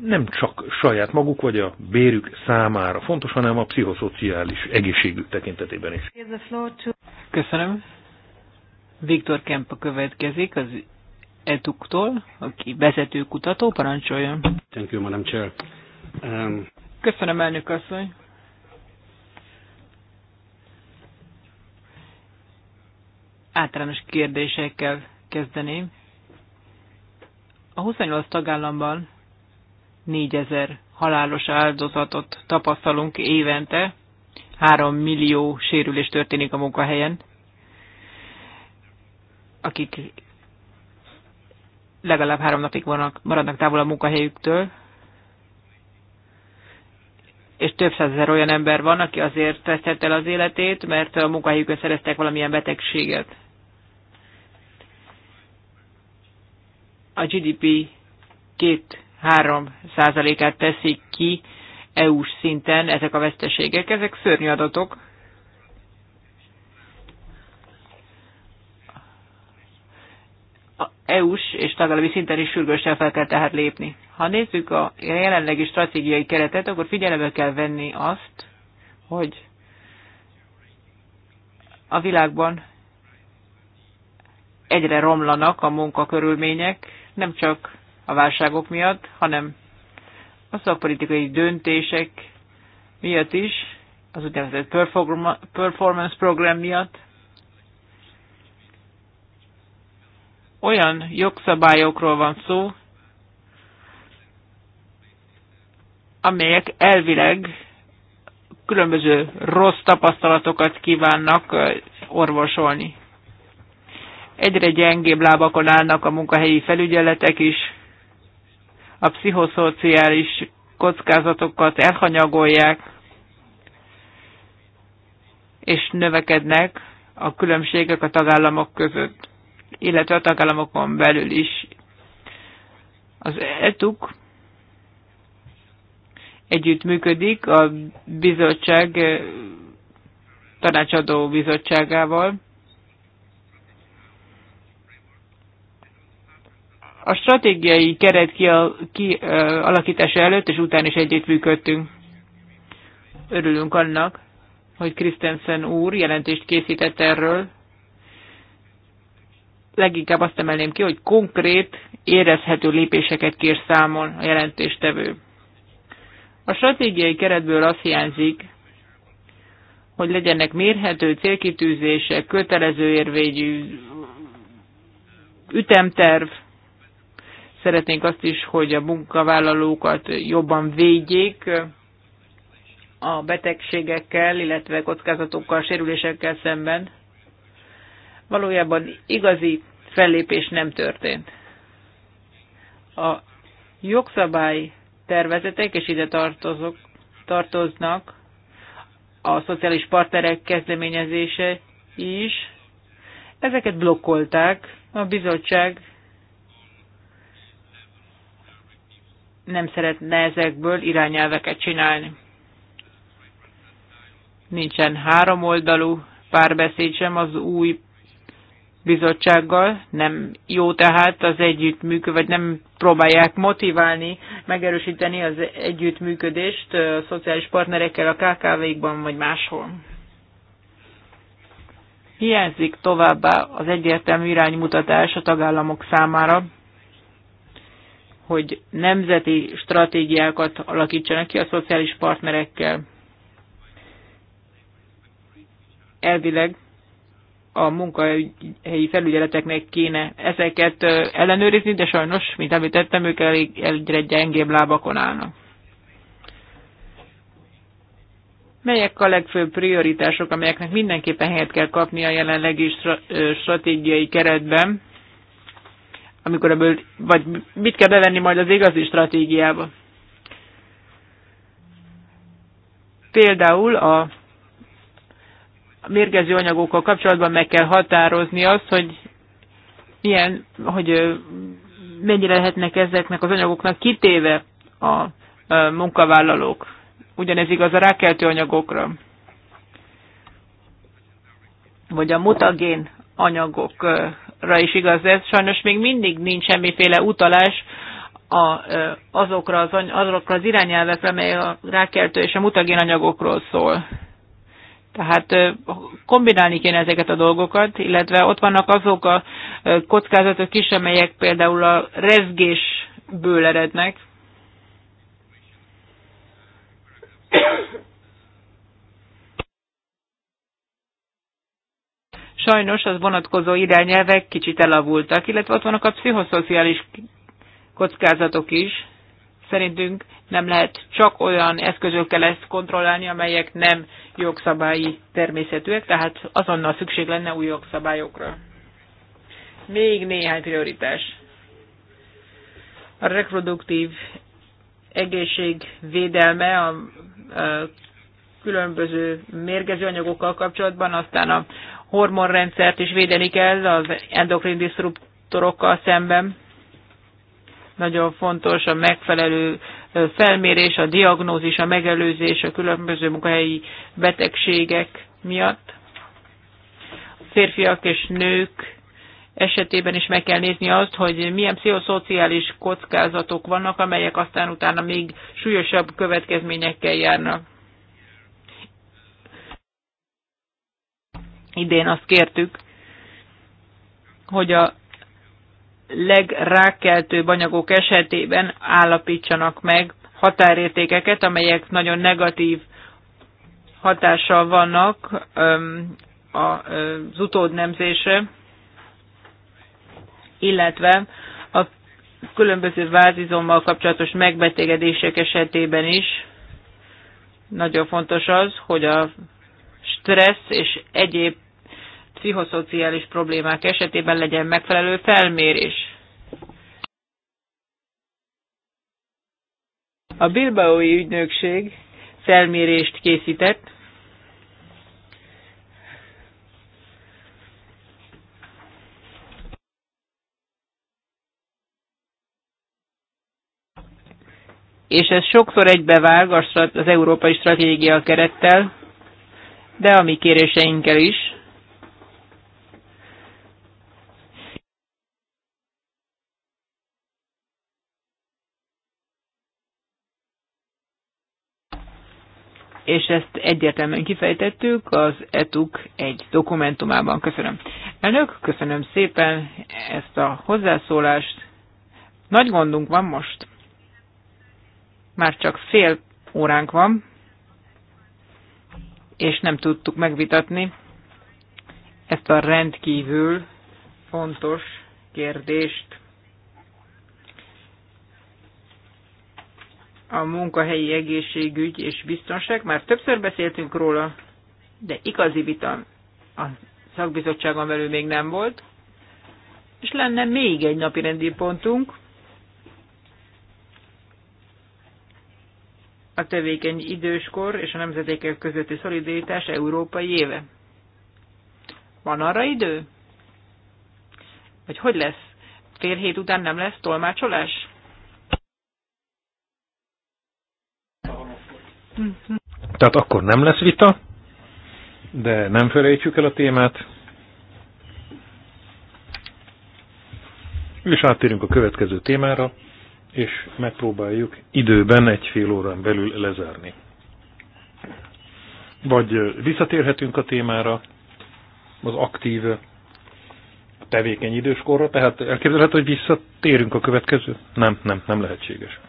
nem csak saját maguk vagy a bérük számára fontos, hanem a pszichoszociális egészségük tekintetében is. Köszönöm. Viktor Kempa következik az ETUK-tól, aki vezető kutató, parancsoljon. Thank you, Madam Chair. Um... Köszönöm, elnök asszony. általános kérdésekkel kezdeném. A 28 tagállamban 4000 halálos áldozatot tapasztalunk évente, 3 millió sérülés történik a munkahelyen, akik legalább három napig vannak, maradnak távol a munkahelyüktől és több százezer olyan ember van, aki azért vesztette el az életét, mert a munkahelyükön szereztek valamilyen betegséget. A GDP 2-3 százalékát teszik ki EU-s szinten ezek a veszteségek. Ezek szörnyű adatok. EU-s és tagállami szinten is sürgősen fel kell tehát lépni. Ha nézzük a jelenlegi stratégiai keretet, akkor figyelembe kell venni azt, hogy a világban egyre romlanak a munkakörülmények, nem csak a válságok miatt, hanem a szakpolitikai döntések miatt is, az úgynevezett performance program miatt. Olyan jogszabályokról van szó, amelyek elvileg különböző rossz tapasztalatokat kívánnak orvosolni. Egyre gyengébb lábakon állnak a munkahelyi felügyeletek is, a pszichoszociális kockázatokat elhanyagolják, és növekednek a különbségek a tagállamok között, illetve a tagállamokon belül is. Az ETUK együttműködik a bizottság eh, tanácsadó bizottságával. A stratégiai keret kialakítása eh, előtt és után is együttműködtünk. Örülünk annak, hogy Christensen úr jelentést készített erről. Leginkább azt emelném ki, hogy konkrét, érezhető lépéseket kér számon a jelentéstevő. A stratégiai keretből az hiányzik, hogy legyenek mérhető célkitűzések, kötelező érvényű ütemterv. Szeretnénk azt is, hogy a munkavállalókat jobban védjék a betegségekkel, illetve kockázatokkal, sérülésekkel szemben. Valójában igazi fellépés nem történt. A jogszabály tervezetek, és ide tartozok, tartoznak a szociális partnerek kezdeményezése is. Ezeket blokkolták. A bizottság nem szeretne ezekből irányelveket csinálni. Nincsen háromoldalú párbeszéd sem az új bizottsággal, nem jó tehát az együttműködés, vagy nem próbálják motiválni, megerősíteni az együttműködést a szociális partnerekkel a KKV-kban vagy máshol. Hiányzik továbbá az egyértelmű iránymutatás a tagállamok számára, hogy nemzeti stratégiákat alakítsanak ki a szociális partnerekkel. Elvileg a munkahelyi felügyeleteknek kéne ezeket ellenőrizni, de sajnos, mint említettem, ők elég, egyre gyengébb lábakon állnak. Melyek a legfőbb prioritások, amelyeknek mindenképpen helyet kell kapni a jelenlegi stratégiai keretben, amikor ebből, vagy mit kell bevenni majd az igazi stratégiába? Például a mérgező anyagokkal kapcsolatban meg kell határozni azt, hogy milyen, hogy mennyire lehetnek ezeknek az anyagoknak kitéve a munkavállalók. Ugyanez igaz a rákeltő anyagokra. Vagy a mutagén anyagokra is igaz ez. Sajnos még mindig nincs semmiféle utalás a, azokra, az, azokra az irányelvekre, amely a rákeltő és a mutagén anyagokról szól. Tehát kombinálni kéne ezeket a dolgokat, illetve ott vannak azok a kockázatok is, amelyek például a rezgésből erednek. Sajnos az vonatkozó irányelvek kicsit elavultak, illetve ott vannak a pszichoszociális kockázatok is. Szerintünk nem lehet csak olyan eszközökkel ezt kontrollálni, amelyek nem jogszabályi természetűek, tehát azonnal szükség lenne új jogszabályokra. Még néhány prioritás. A reproduktív egészség védelme a, a különböző mérgező anyagokkal kapcsolatban, aztán a hormonrendszert is védeni kell az endokrin disruptorokkal szemben nagyon fontos a megfelelő felmérés, a diagnózis, a megelőzés a különböző munkahelyi betegségek miatt. Férfiak és nők esetében is meg kell nézni azt, hogy milyen pszichoszociális kockázatok vannak, amelyek aztán utána még súlyosabb következményekkel járnak. Idén azt kértük, hogy a legrákkeltőbb anyagok esetében állapítsanak meg határértékeket, amelyek nagyon negatív hatással vannak az utódnemzése, illetve a különböző vázizommal kapcsolatos megbetegedések esetében is nagyon fontos az, hogy a stressz és egyéb pszichoszociális problémák esetében legyen megfelelő felmérés. A Bilbaói ügynökség felmérést készített, és ez sokszor egybevág az európai stratégia kerettel, de a mi kéréseinkkel is. és ezt egyértelműen kifejtettük az ETUK egy dokumentumában. Köszönöm. Elnök, köszönöm szépen ezt a hozzászólást. Nagy gondunk van most. Már csak fél óránk van, és nem tudtuk megvitatni ezt a rendkívül fontos kérdést. a munkahelyi egészségügy és biztonság. Már többször beszéltünk róla, de igazi vita a szakbizottságon belül még nem volt. És lenne még egy napi rendi pontunk. A tevékeny időskor és a nemzetékek közötti szolidaritás európai éve. Van arra idő? Vagy hogy lesz? Fél hét után nem lesz tolmácsolás? Tehát akkor nem lesz vita, de nem felejtsük el a témát. És áttérünk a következő témára, és megpróbáljuk időben egy fél órán belül lezárni. Vagy visszatérhetünk a témára, az aktív tevékeny időskorra, tehát elképzelhető, hogy visszatérünk a következő? Nem, nem, nem lehetséges.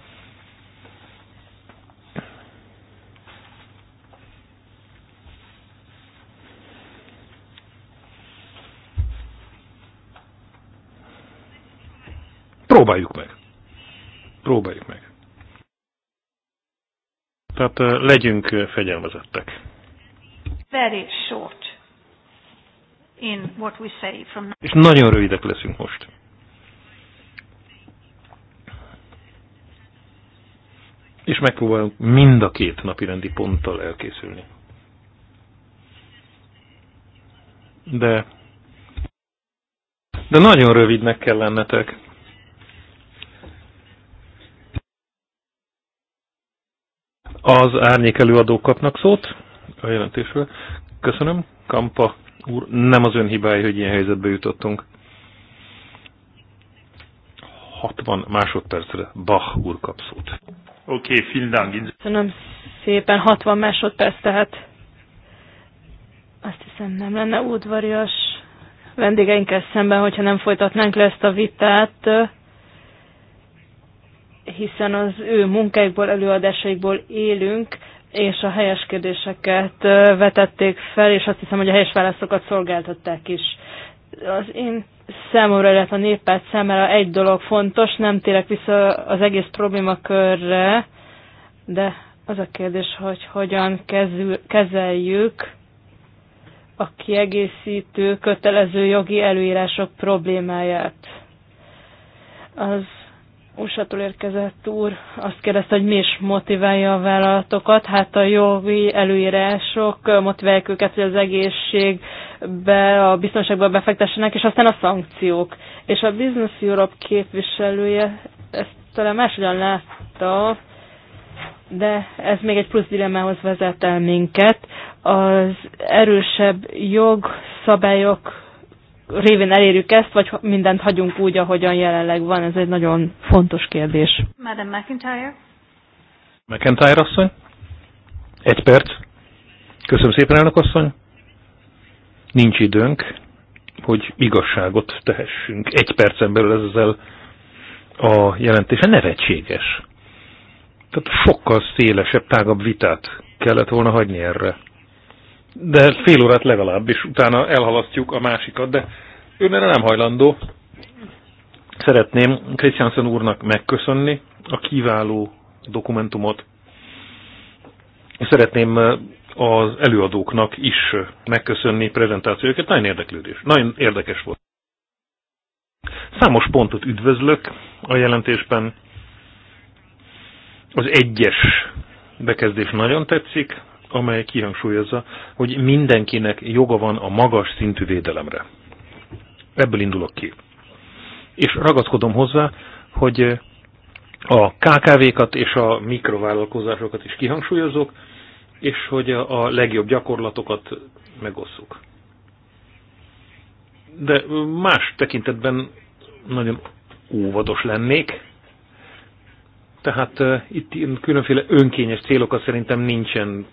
Próbáljuk meg. Próbáljuk meg. Tehát legyünk fegyelmezettek. Very short in what we say from now. És nagyon rövidek leszünk most. És megpróbálunk mind a két napi rendi ponttal elkészülni. De, de nagyon rövidnek kell lennetek. Az árnyék előadók kapnak szót a jelentésről. Köszönöm, Kampa úr. Nem az ön hibája, hogy ilyen helyzetbe jutottunk. 60 másodpercre Bach úr kap szót. Oké, okay, vielen Dank. Köszönöm szépen, 60 másodperc, tehát azt hiszem nem lenne udvarias vendégeinkkel szemben, hogyha nem folytatnánk le ezt a vitát hiszen az ő munkáikból, előadásaikból élünk, és a helyes kérdéseket vetették fel, és azt hiszem, hogy a helyes válaszokat szolgáltatták is. Az én számomra, illetve a néppárt számára egy dolog fontos, nem térek vissza az egész problémakörre, de az a kérdés, hogy hogyan kezül, kezeljük a kiegészítő kötelező jogi előírások problémáját. Az USA-tól érkezett úr azt kérdezte, hogy mi is motiválja a vállalatokat. Hát a jogi előírások motiválják őket, hogy az egészségbe, a biztonságba befektessenek, és aztán a szankciók. És a Business Europe képviselője ezt talán máshogyan látta, de ez még egy plusz dilemmához vezet el minket. Az erősebb jogszabályok révén elérjük ezt, vagy mindent hagyunk úgy, ahogyan jelenleg van? Ez egy nagyon fontos kérdés. Madam McIntyre? McIntyre asszony? Egy perc. Köszönöm szépen, elnök asszony. Nincs időnk, hogy igazságot tehessünk. Egy percen belül ezzel a jelentése nevetséges. Tehát sokkal szélesebb, tágabb vitát kellett volna hagyni erre de fél órát legalább, és utána elhalasztjuk a másikat, de ő erre nem hajlandó. Szeretném Christiansen úrnak megköszönni a kiváló dokumentumot. Szeretném eh, az előadóknak is megköszönni prezentációkat. Nagyon érdeklődés, nagyon érdekes volt. Számos pontot üdvözlök a jelentésben. Az egyes bekezdés nagyon tetszik, amely kihangsúlyozza, hogy mindenkinek joga van a magas szintű védelemre. Ebből indulok ki. És ragaszkodom hozzá, hogy a KKV-kat és a mikrovállalkozásokat is kihangsúlyozok, és hogy a legjobb gyakorlatokat megosszuk. De más tekintetben nagyon óvados lennék, tehát uh, itt különféle önkényes célokat szerintem nincsen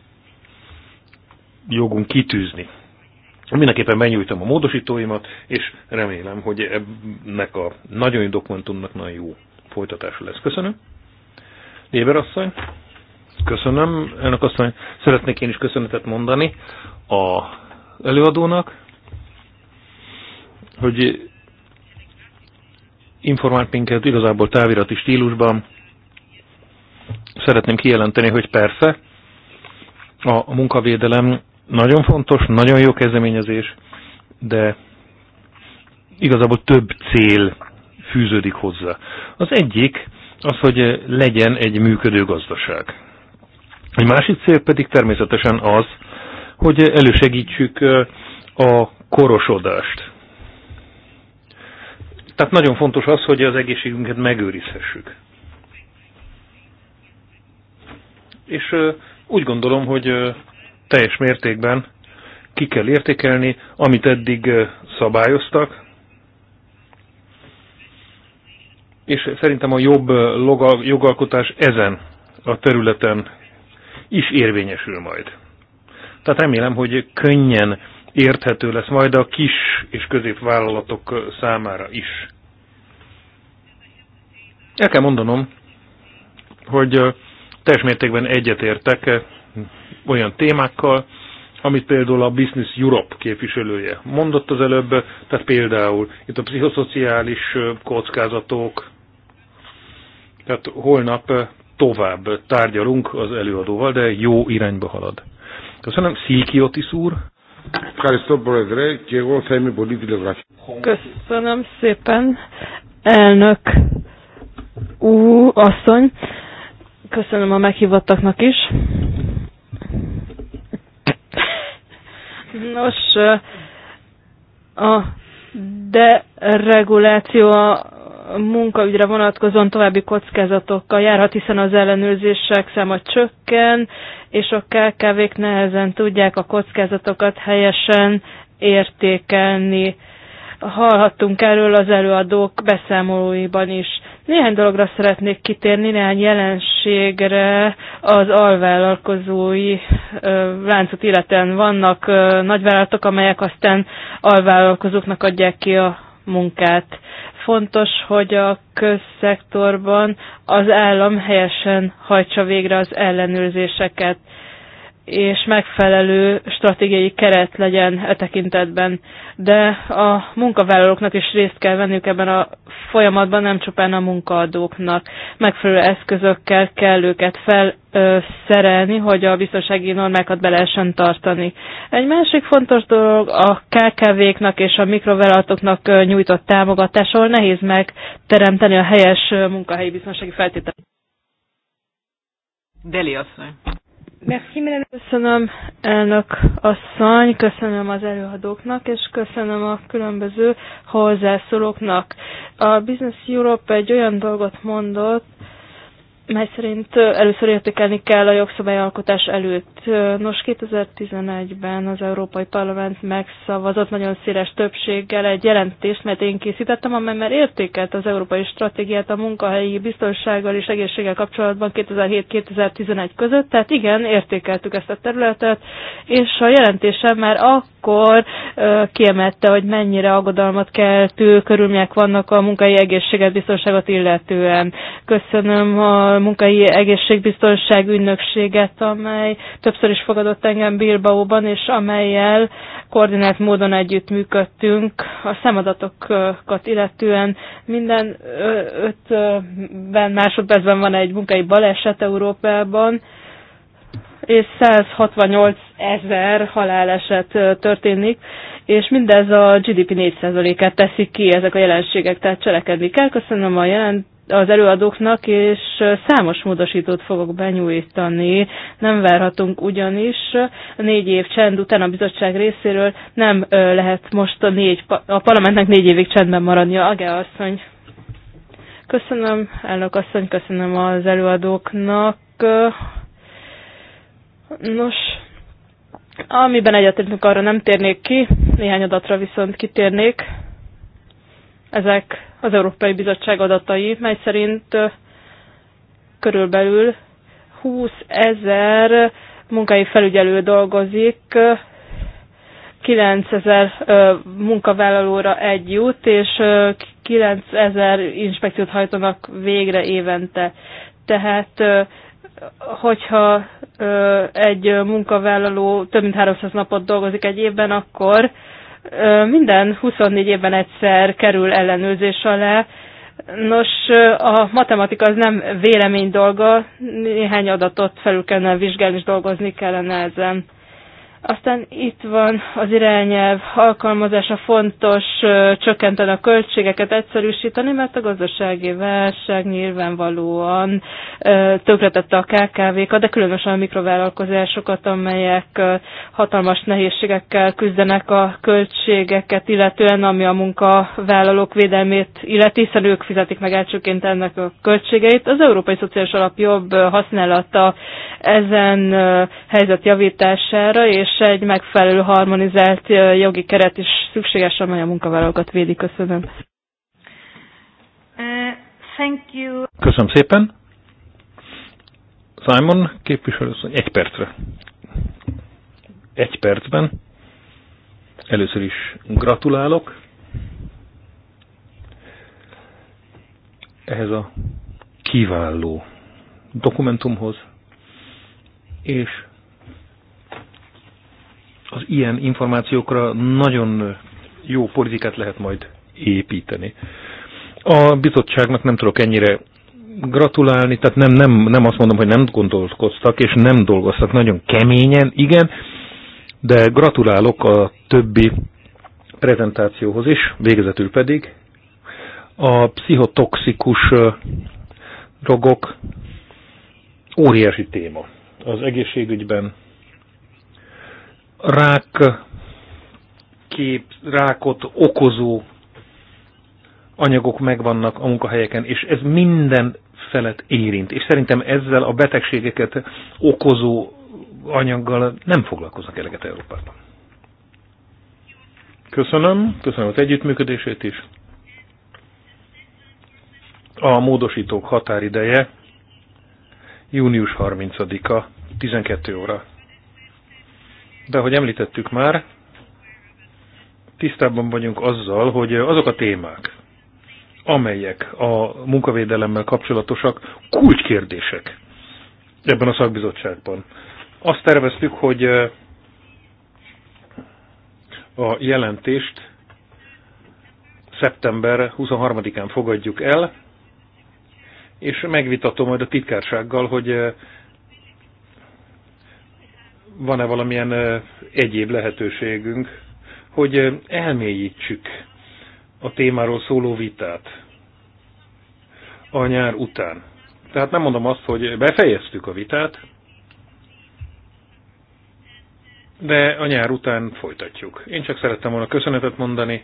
jogunk kitűzni. Mindenképpen benyújtom a módosítóimat, és remélem, hogy ennek a nagyon jó dokumentumnak nagyon jó folytatása lesz. Köszönöm. Léber asszony, köszönöm. Önök asszony, szeretnék én is köszönetet mondani a előadónak, hogy informált minket igazából távirati stílusban. Szeretném kijelenteni, hogy persze, a munkavédelem nagyon fontos, nagyon jó kezdeményezés, de igazából több cél fűződik hozzá. Az egyik az, hogy legyen egy működő gazdaság. Egy másik cél pedig természetesen az, hogy elősegítsük a korosodást. Tehát nagyon fontos az, hogy az egészségünket megőrizhessük. És úgy gondolom, hogy teljes mértékben ki kell értékelni, amit eddig szabályoztak, és szerintem a jobb jogalkotás ezen a területen is érvényesül majd. Tehát remélem, hogy könnyen érthető lesz majd a kis és középvállalatok számára is. El kell mondanom, hogy teljes mértékben egyetértek olyan témákkal, amit például a Business Europe képviselője mondott az előbb, tehát például itt a pszichoszociális kockázatok, tehát holnap tovább tárgyalunk az előadóval, de jó irányba halad. Köszönöm, Otis úr. Köszönöm szépen, elnök úr, asszony. Köszönöm a meghívottaknak is. Nos, a dereguláció a munkaügyre vonatkozóan további kockázatokkal járhat, hiszen az ellenőrzések száma csökken, és a KKV-k nehezen tudják a kockázatokat helyesen értékelni. Hallhattunk erről az előadók beszámolóiban is. Néhány dologra szeretnék kitérni, néhány jelenségre az alvállalkozói ö, láncot illeten vannak ö, nagyvállalatok, amelyek aztán alvállalkozóknak adják ki a munkát. Fontos, hogy a közszektorban az állam helyesen hajtsa végre az ellenőrzéseket és megfelelő stratégiai keret legyen e tekintetben. De a munkavállalóknak is részt kell venniük ebben a folyamatban, nem csupán a munkaadóknak. Megfelelő eszközökkel kell őket felszerelni, hogy a biztonsági normákat be lehessen tartani. Egy másik fontos dolog a KKV-knak és a mikrovállalatoknak nyújtott támogatás, ahol nehéz megteremteni a helyes munkahelyi biztonsági feltételeket. Deli asszony. Merci, madame. Köszönöm elnök asszony, köszönöm az előadóknak, és köszönöm a különböző hozzászólóknak. A Business Europe egy olyan dolgot mondott, mely szerint először értékelni kell a jogszabályalkotás előtt. Nos, 2011-ben az Európai Parlament megszavazott nagyon széles többséggel egy jelentést, mert én készítettem, amely már értékelt az európai stratégiát a munkahelyi biztonsággal és egészséggel kapcsolatban 2007-2011 között. Tehát igen, értékeltük ezt a területet, és a jelentésem már akkor kiemelte, hogy mennyire aggodalmat keltő körülmények vannak a munkai egészséget, biztonságot illetően. Köszönöm a munkai egészségbiztonság ügynökséget, amely több többször is fogadott engem Bilbaóban, és amelyel koordinált módon együtt működtünk a szemadatokat illetően. Minden ötben másodpercben van egy munkai baleset Európában, és 168 ezer haláleset történik, és mindez a GDP 4%-át teszik ki ezek a jelenségek, tehát cselekedni kell. Köszönöm a jelent az előadóknak, és számos módosítót fogok benyújtani. Nem várhatunk ugyanis. Négy év csend után a bizottság részéről nem lehet most a, négy, a parlamentnek négy évig csendben maradnia. Age asszony. Köszönöm, elnök asszony, köszönöm az előadóknak. Nos, amiben egyetértünk, arra nem térnék ki, néhány adatra viszont kitérnék. Ezek az Európai Bizottság adatai, mely szerint körülbelül 20 ezer munkai felügyelő dolgozik, ezer munkavállalóra egy jut, és ezer inspekciót hajtanak végre évente. Tehát hogyha egy munkavállaló több mint 300 napot dolgozik egy évben, akkor minden 24 évben egyszer kerül ellenőrzés alá. Nos, a matematika az nem vélemény dolga, néhány adatot felül kellene vizsgálni és dolgozni kellene ezen. Aztán itt van az irányelv alkalmazása fontos, csökkenteni a költségeket, egyszerűsíteni, mert a gazdasági válság nyilvánvalóan tökretette a KKV-kat, de különösen a mikrovállalkozásokat, amelyek hatalmas nehézségekkel küzdenek a költségeket, illetően ami a munkavállalók védelmét illeti, hiszen ők fizetik meg elsőként ennek a költségeit. Az Európai Szociális Alap jobb használata ezen helyzet javítására és és egy megfelelő harmonizált jogi keret is szükséges, amely a munkavállalókat védi. Köszönöm. Uh, thank you. Köszönöm szépen. Simon képviselő, szóval egy percre. Egy percben. Először is gratulálok ehhez a kiváló dokumentumhoz, és az ilyen információkra nagyon jó politikát lehet majd építeni. A bizottságnak nem tudok ennyire gratulálni, tehát nem, nem, nem azt mondom, hogy nem gondolkoztak, és nem dolgoztak nagyon keményen, igen, de gratulálok a többi prezentációhoz is, végezetül pedig a pszichotoxikus drogok óriási téma az egészségügyben, rák kép, rákot okozó anyagok megvannak a munkahelyeken, és ez minden felet érint. És szerintem ezzel a betegségeket okozó anyaggal nem foglalkoznak eleget Európában. Köszönöm, köszönöm az együttműködését is. A módosítók határideje június 30-a, 12 óra de ahogy említettük már, tisztában vagyunk azzal, hogy azok a témák, amelyek a munkavédelemmel kapcsolatosak, kulcskérdések ebben a szakbizottságban. Azt terveztük, hogy a jelentést szeptember 23-án fogadjuk el, és megvitatom majd a titkársággal, hogy van-e valamilyen egyéb lehetőségünk, hogy elmélyítsük a témáról szóló vitát a nyár után. Tehát nem mondom azt, hogy befejeztük a vitát, de a nyár után folytatjuk. Én csak szerettem volna köszönetet mondani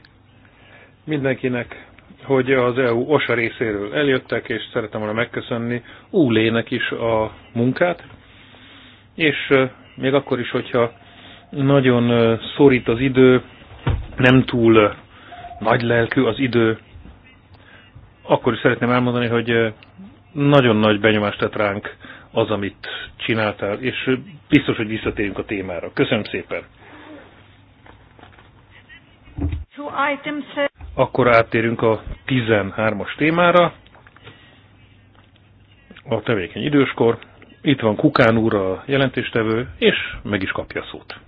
mindenkinek, hogy az EU OSA részéről eljöttek, és szerettem volna megköszönni Úlének is a munkát, és még akkor is, hogyha nagyon szorít az idő, nem túl nagy lelkű az idő, akkor is szeretném elmondani, hogy nagyon nagy benyomást tett ránk az, amit csináltál, és biztos, hogy visszatérünk a témára. Köszönöm szépen! Uh, akkor áttérünk a 13-as témára, a tevékeny időskor. Itt van Kukán úr a jelentéstevő, és meg is kapja szót.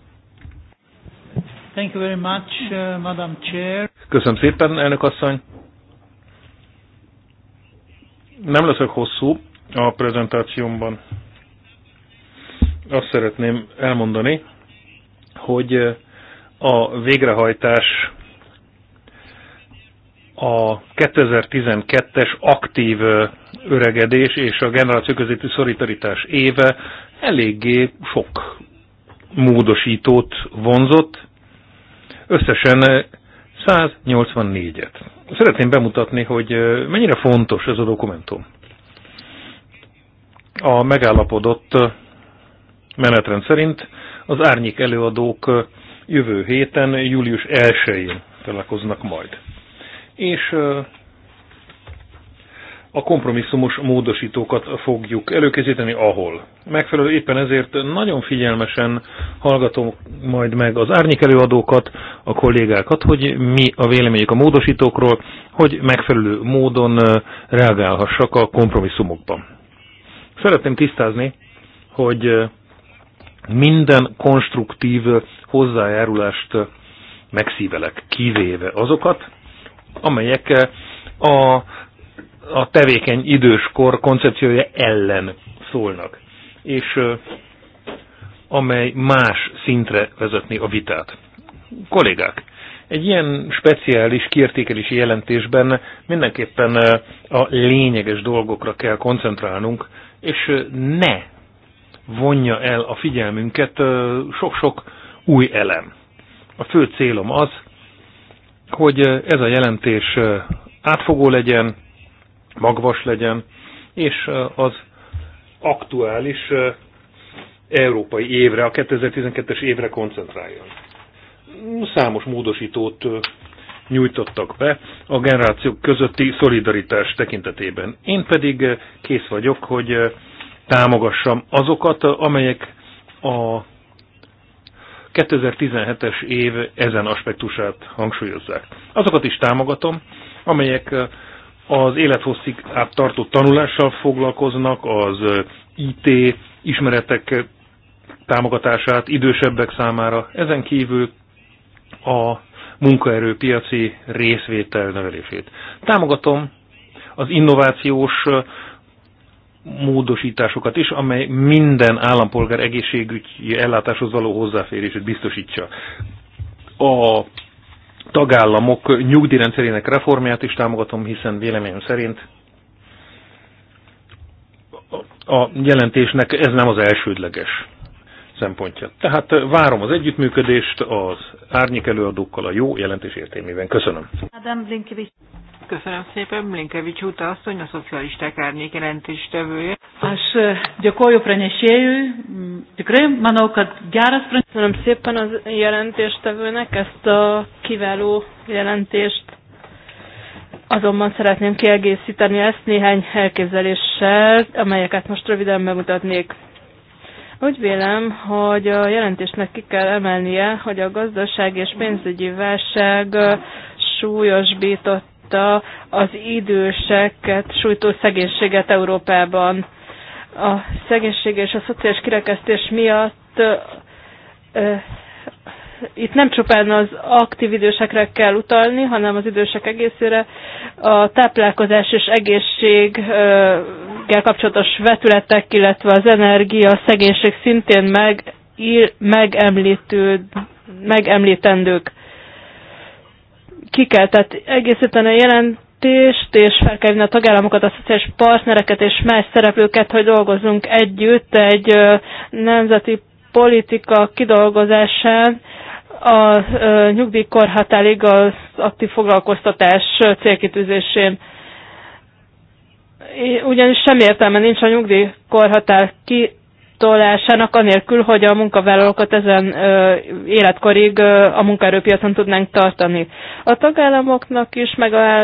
Thank you very much, uh, Madam Chair. Köszönöm szépen, elnök asszony. Nem leszek hosszú a prezentációmban. Azt szeretném elmondani, hogy a végrehajtás a 2012-es aktív öregedés és a közötti szorítás éve eléggé sok módosítót vonzott, összesen 184-et. Szeretném bemutatni, hogy mennyire fontos ez a dokumentum. A megállapodott menetrend szerint az árnyék előadók jövő héten, július 1-én találkoznak majd és a kompromisszumos módosítókat fogjuk előkészíteni, ahol. Megfelelő éppen ezért nagyon figyelmesen hallgatom majd meg az árnyék előadókat, a kollégákat, hogy mi a véleményük a módosítókról, hogy megfelelő módon reagálhassak a kompromisszumokban. Szeretném tisztázni, hogy minden konstruktív hozzájárulást megszívelek, kivéve azokat, amelyek eh, a, a tevékeny időskor koncepciója ellen szólnak, és eh, amely más szintre vezetni a vitát. Kollégák, egy ilyen speciális kiértékelési jelentésben mindenképpen eh, a lényeges dolgokra kell koncentrálnunk, és ne vonja el a figyelmünket sok-sok új elem. A fő célom az, hogy ez a jelentés átfogó legyen, magvas legyen, és az aktuális európai évre, a 2012-es évre koncentráljon. Számos módosítót nyújtottak be a generációk közötti szolidaritás tekintetében. Én pedig kész vagyok, hogy támogassam azokat, amelyek a 2017-es év ezen aspektusát hangsúlyozzák. Azokat is támogatom, amelyek eh, az élethosszig áttartó tanulással foglalkoznak, az eh, IT ismeretek eh, támogatását idősebbek számára, ezen kívül a munkaerőpiaci részvétel növelését. Támogatom az innovációs módosításokat is, amely minden állampolgár egészségügyi ellátáshoz való hozzáférését biztosítsa. A tagállamok nyugdíjrendszerének reformját is támogatom, hiszen véleményem szerint a jelentésnek ez nem az elsődleges szempontja. Tehát várom az együttműködést az árnyék előadókkal a jó jelentés értémében. Köszönöm. Köszönöm szépen, Mlinkevics úta asszony, a szocialisták árnyék jelentéstevője. Aš e, dėkoju pranešėjui. Tikrai manau, kad geras Köszönöm szépen az jelentéstevőnek ezt a kiváló jelentést. Azonban szeretném kiegészíteni ezt néhány elképzeléssel, amelyeket most röviden bemutatnék. Úgy vélem, hogy a jelentésnek ki kell emelnie, hogy a gazdaság és pénzügyi válság e, súlyosbított megvitatta az időseket sújtó szegénységet Európában. A szegénység és a szociális kirekesztés miatt itt nem csupán az aktív idősekre kell utalni, hanem az idősek egészére. A táplálkozás és egészséggel kapcsolatos vetületek, illetve az energia, a szegénység szintén meg, megemlítő, megemlítendők ki kell tehát egészíteni a jelentést, és fel kell a tagállamokat, a szociális partnereket és más szereplőket, hogy dolgozzunk együtt egy nemzeti politika kidolgozásán, a nyugdíjkorhatárig az aktív foglalkoztatás célkitűzésén. Ugyanis semmi értelme nincs a nyugdíjkorhatár ki megfontolásának, anélkül, hogy a munkavállalókat ezen életkorig a munkaerőpiacon tudnánk tartani. A tagállamoknak is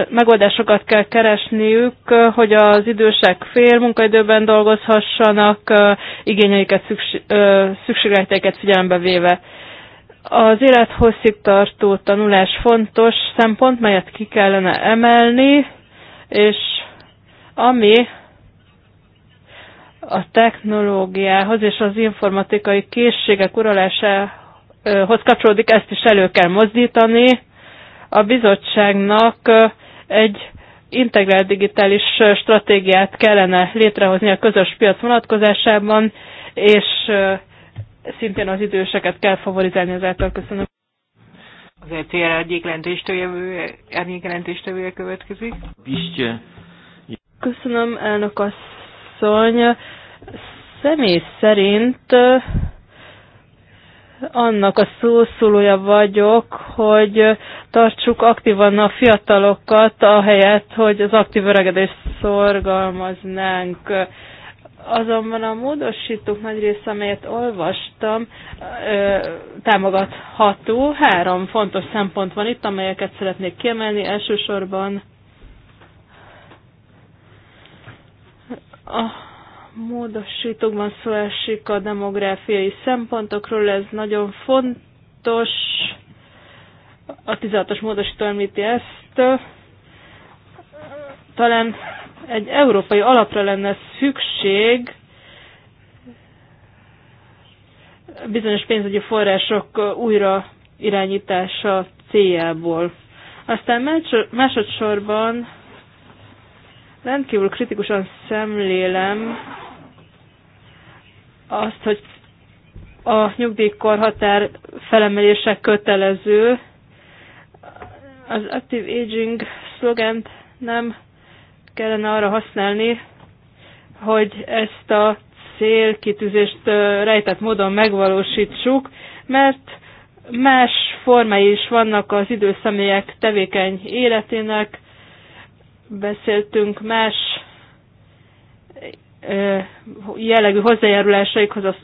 megoldásokat kell keresniük, hogy az idősek fél munkaidőben dolgozhassanak, igényeiket, szükség, szükségleteiket figyelembe véve. Az élethosszígtartó tanulás fontos szempont, melyet ki kellene emelni, és ami a technológiához és az informatikai készségek uralásához kapcsolódik, ezt is elő kell mozdítani. A bizottságnak egy integrált digitális stratégiát kellene létrehozni a közös piac vonatkozásában, és szintén az időseket kell favorizálni ezáltal. Köszönöm. Az ECR egyik jelentéstevője következik. Köszönöm, elnök asszony asszony, személy szerint eh, annak a szószulója vagyok, hogy tartsuk aktívan a fiatalokat, ahelyett, hogy az aktív öregedést szorgalmaznánk. Azonban a módosítók nagy része, amelyet olvastam, eh, támogatható. Három fontos szempont van itt, amelyeket szeretnék kiemelni. Elsősorban A módosítókban szó esik a demográfiai szempontokról, ez nagyon fontos. A 16-os módosító említi ezt. Talán egy európai alapra lenne szükség, bizonyos pénzügyi források újra irányítása céljából. Aztán másodszorban Rendkívül kritikusan szemlélem azt, hogy a nyugdíjkor határ felemelése kötelező. Az Active Aging szlogent nem kellene arra használni, hogy ezt a célkitűzést rejtett módon megvalósítsuk, mert más formái is vannak az időszemélyek tevékeny életének, beszéltünk más jellegű hozzájárulásaikhoz a,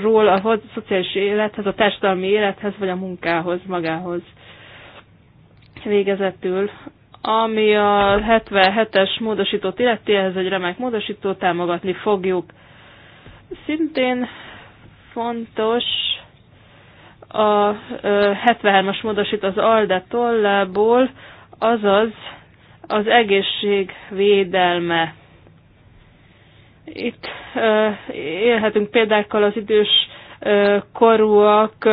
ról a, a szociális élethez, a társadalmi élethez, vagy a munkához, magához végezetül. Ami a 77-es módosítót illeti, ez egy remek módosító, támogatni fogjuk. Szintén fontos a 73-as módosít az ALDE tollából, azaz az egészség védelme. Itt élhetünk példákkal az idős korúak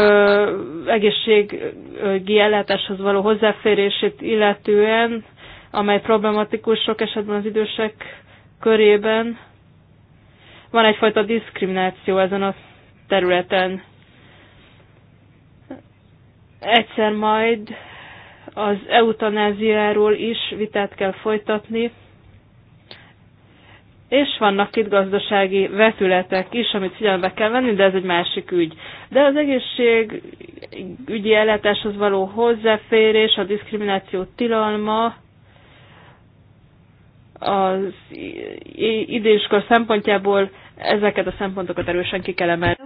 egészségi ellátáshoz való hozzáférését illetően, amely problematikus sok esetben az idősek körében. Van egyfajta diszkrimináció ezen a területen. Egyszer majd az eutanáziáról is vitát kell folytatni, és vannak itt gazdasági vetületek is, amit figyelembe kell venni, de ez egy másik ügy. De az egészségügyi ellátáshoz való hozzáférés, a diszkrimináció tilalma, az időskor szempontjából ezeket a szempontokat erősen ki kell emelni.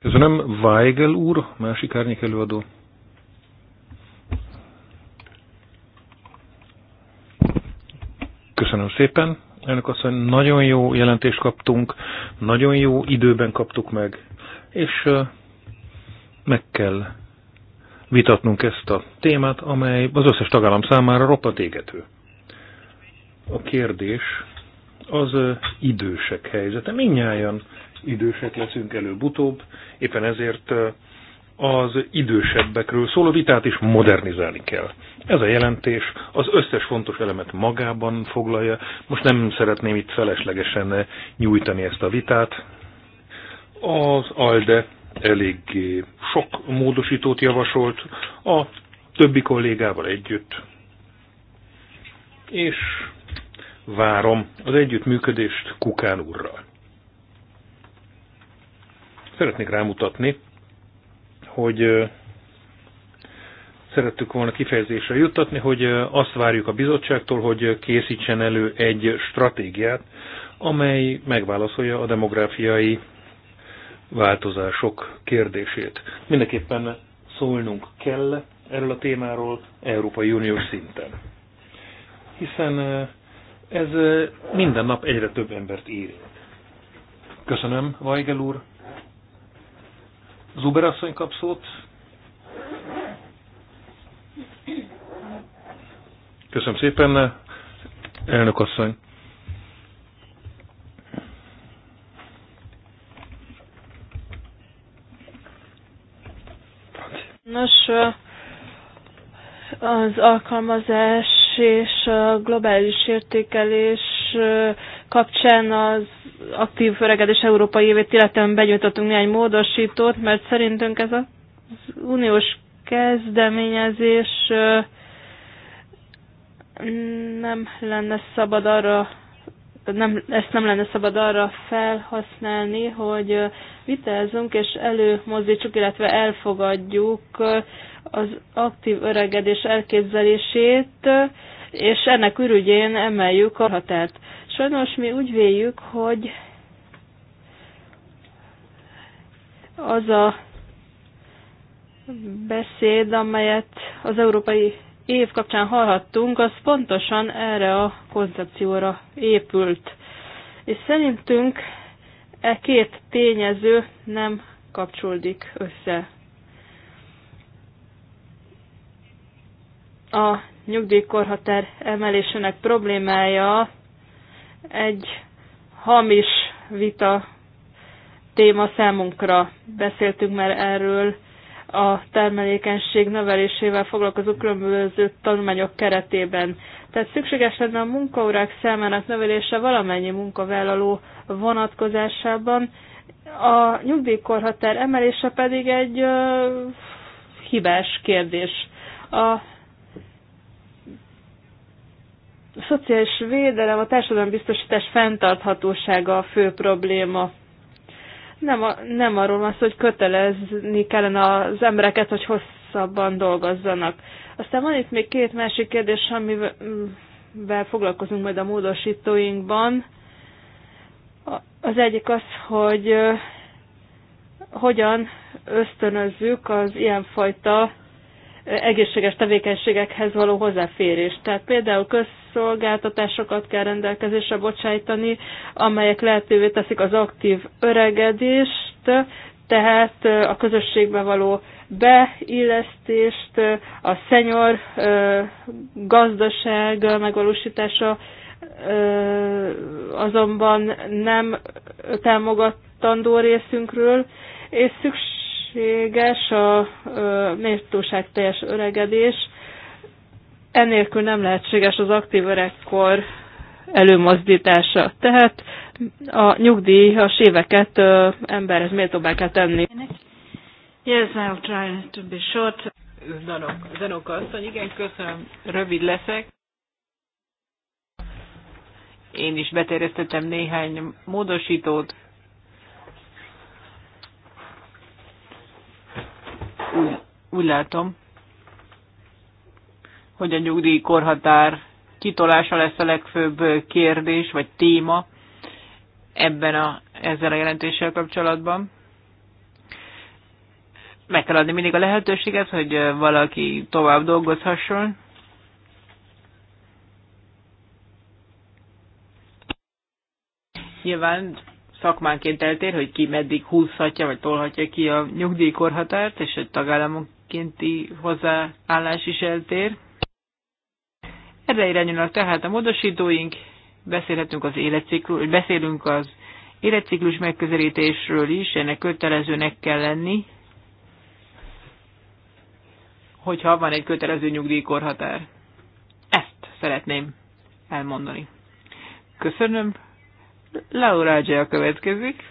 Köszönöm, Weigel úr, másik árnyék előadó. Köszönöm szépen. Önök azt mondja, nagyon jó jelentést kaptunk, nagyon jó időben kaptuk meg, és meg kell vitatnunk ezt a témát, amely az összes tagállam számára roppant égető. A kérdés az idősek helyzete. Minnyáján idősek leszünk előbb-utóbb, éppen ezért az idősebbekről szóló vitát is modernizálni kell. Ez a jelentés az összes fontos elemet magában foglalja. Most nem szeretném itt feleslegesen nyújtani ezt a vitát. Az ALDE elég sok módosítót javasolt a többi kollégával együtt. És várom az együttműködést Kukán úrral. Szeretnék rámutatni, hogy szerettük volna kifejezésre juttatni, hogy azt várjuk a bizottságtól, hogy készítsen elő egy stratégiát, amely megválaszolja a demográfiai változások kérdését. Mindenképpen szólnunk kell erről a témáról Európai Uniós szinten. Hiszen ez minden nap egyre több embert érint. Köszönöm, Weigel úr. Zuber asszony kap szót. Köszönöm szépen, elnök asszony. Nos, az alkalmazás és a globális értékelés kapcsán az aktív öregedés európai évét illetően benyújtottunk néhány módosítót, mert szerintünk ez az uniós kezdeményezés nem lenne szabad arra nem, ezt nem lenne szabad arra felhasználni, hogy vitázunk és előmozdítsuk, illetve elfogadjuk az aktív öregedés elképzelését, és ennek ürügyén emeljük a határt. Sajnos mi úgy véljük, hogy az a beszéd, amelyet az európai év kapcsán hallhattunk, az pontosan erre a koncepcióra épült. És szerintünk e két tényező nem kapcsolódik össze. A nyugdíjkorhatár emelésének problémája egy hamis vita téma számunkra. Beszéltünk már erről a termelékenység növelésével foglalkozó különböző tanulmányok keretében. Tehát szükséges lenne a munkaórák számának növelése valamennyi munkavállaló vonatkozásában, a nyugdíjkorhatár emelése pedig egy ö, hibás kérdés. A szociális védelem, a társadalombiztosítás fenntarthatósága a fő probléma. Nem, a, nem arról van szó, hogy kötelezni kellene az embereket, hogy hosszabban dolgozzanak. Aztán van itt még két másik kérdés, amivel foglalkozunk majd a módosítóinkban. Az egyik az, hogy hogyan ösztönözzük az ilyenfajta egészséges tevékenységekhez való hozzáférés. Tehát például közszolgáltatásokat kell rendelkezésre bocsájtani, amelyek lehetővé teszik az aktív öregedést, tehát a közösségbe való beillesztést, a szenyor gazdaság megvalósítása azonban nem támogatandó részünkről, és szükség lehetséges a méltóság teljes öregedés, enélkül nem lehetséges az aktív öregkor előmozdítása. Tehát a nyugdíj a ö, emberhez méltóbbá kell tenni. Yes, I'll try to be short. Zanok, Zanok asszony, igen, köszönöm, rövid leszek. Én is beterjesztettem néhány módosítót, úgy, úgy látom, hogy a nyugdíjkorhatár kitolása lesz a legfőbb kérdés, vagy téma ebben a, ezzel a jelentéssel kapcsolatban. Meg kell adni mindig a lehetőséget, hogy valaki tovább dolgozhasson. Nyilván szakmánként eltér, hogy ki meddig húzhatja, vagy tolhatja ki a nyugdíjkorhatárt, és egy tagállamokénti hozzáállás is eltér. Erre irányulnak tehát a módosítóink, beszélhetünk az életciklus, beszélünk az életciklus megközelítésről is, ennek kötelezőnek kell lenni, hogyha van egy kötelező nyugdíjkorhatár. Ezt szeretném elmondani. Köszönöm, Laura Agia következik.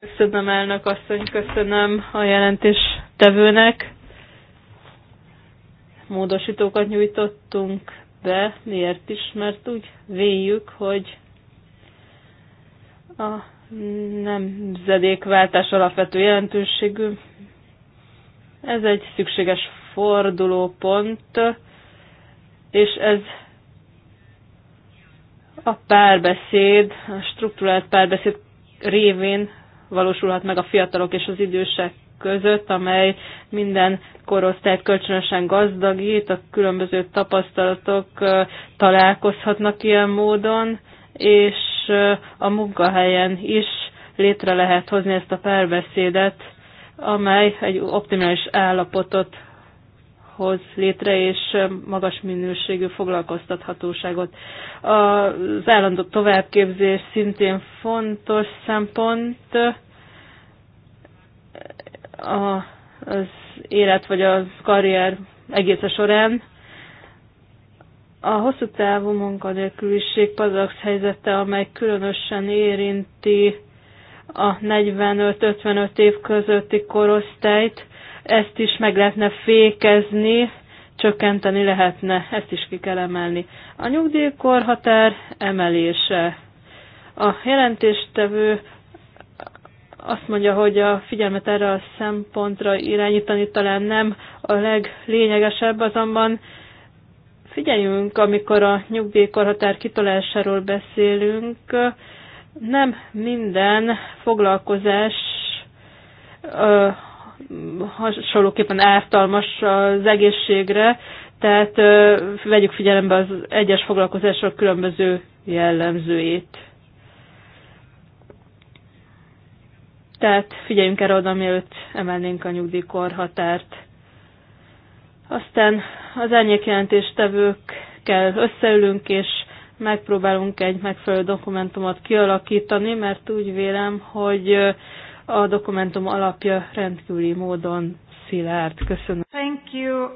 Köszönöm elnök asszony, köszönöm a jelentés tevőnek. Módosítókat nyújtottunk be, miért is, mert úgy véljük, hogy a nemzedékváltás alapvető jelentőségű. Ez egy szükséges fordulópont, és ez a párbeszéd, a struktúrált párbeszéd révén valósulhat meg a fiatalok és az idősek között, amely minden korosztályt kölcsönösen gazdagít, a különböző tapasztalatok találkozhatnak ilyen módon, és a munkahelyen is létre lehet hozni ezt a párbeszédet, amely egy optimális állapotot hoz létre, és magas minőségű foglalkoztathatóságot. Az állandó továbbképzés szintén fontos szempont. Az élet vagy a karrier a során. A hosszú távú munkanélküliség pazax helyzete, amely különösen érinti a 45-55 év közötti korosztályt, ezt is meg lehetne fékezni, csökkenteni lehetne, ezt is ki kell emelni. A nyugdíjkorhatár emelése. A jelentéstevő azt mondja, hogy a figyelmet erre a szempontra irányítani talán nem a leglényegesebb, azonban figyeljünk, amikor a nyugdíjkorhatár kitolásáról beszélünk, nem minden foglalkozás hasonlóképpen ártalmas az egészségre, tehát vegyük figyelembe az egyes foglalkozások különböző jellemzőit. Tehát figyeljünk erre oda, mielőtt emelnénk a nyugdíjkorhatárt. Aztán az árnyékjelentéstevőkkel összeülünk, és megpróbálunk egy megfelelő dokumentumot kialakítani, mert úgy vélem, hogy a dokumentum alapja rendkívüli módon szilárd. Köszönöm. Thank you.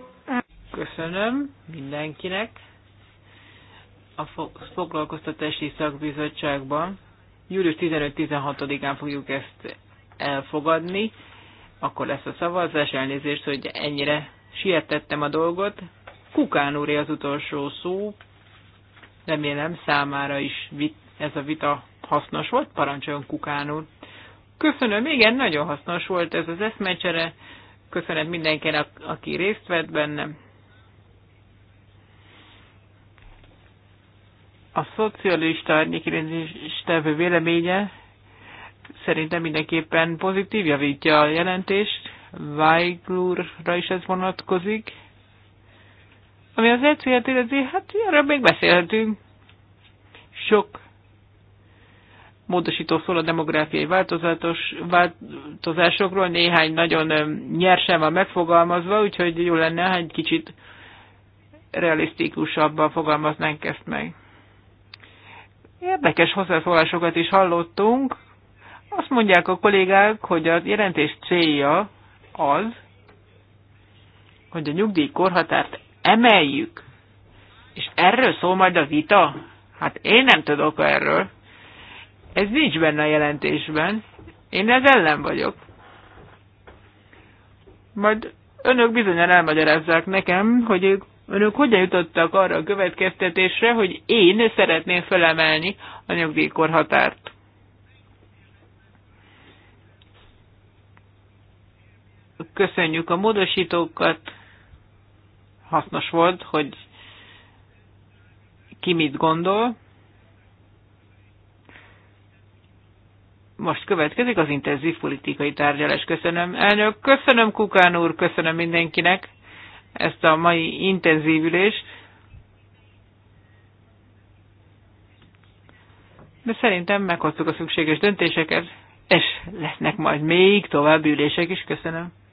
Köszönöm mindenkinek. A foglalkoztatási szakbizottságban július 15-16-án fogjuk ezt elfogadni. Akkor lesz a szavazás, elnézést, hogy ennyire sietettem a dolgot. Kukán úré az utolsó szó. Remélem számára is ez a vita hasznos volt. Parancsoljon Kukán úr! Köszönöm, igen, nagyon hasznos volt ez az eszmecsere. Köszönet mindenkinek, aki részt vett bennem. A szocialista tevő véleménye szerintem mindenképpen pozitív, javítja a jelentést. Weiglurra is ez vonatkozik. Ami az egyszerűen illeti, hát arra még beszélhetünk. Sok módosító szól a demográfiai változatos, változásokról, néhány nagyon nyersen van megfogalmazva, úgyhogy jó lenne, ha egy kicsit realisztikusabban fogalmaznánk ezt meg. Érdekes hozzászólásokat is hallottunk. Azt mondják a kollégák, hogy a jelentés célja az, hogy a nyugdíjkorhatárt emeljük. És erről szól majd a vita? Hát én nem tudok erről. Ez nincs benne a jelentésben. Én ez ellen vagyok. Majd önök bizonyan elmagyarázzák nekem, hogy ők, önök hogyan jutottak arra a következtetésre, hogy én szeretném felemelni a nyugdíjkorhatárt. Köszönjük a módosítókat. Hasznos volt, hogy ki mit gondol. Most következik az intenzív politikai tárgyalás. Köszönöm, elnök, köszönöm Kukán úr, köszönöm mindenkinek ezt a mai intenzív ülést. De szerintem meghoztuk a szükséges döntéseket, és lesznek majd még további ülések is. Köszönöm.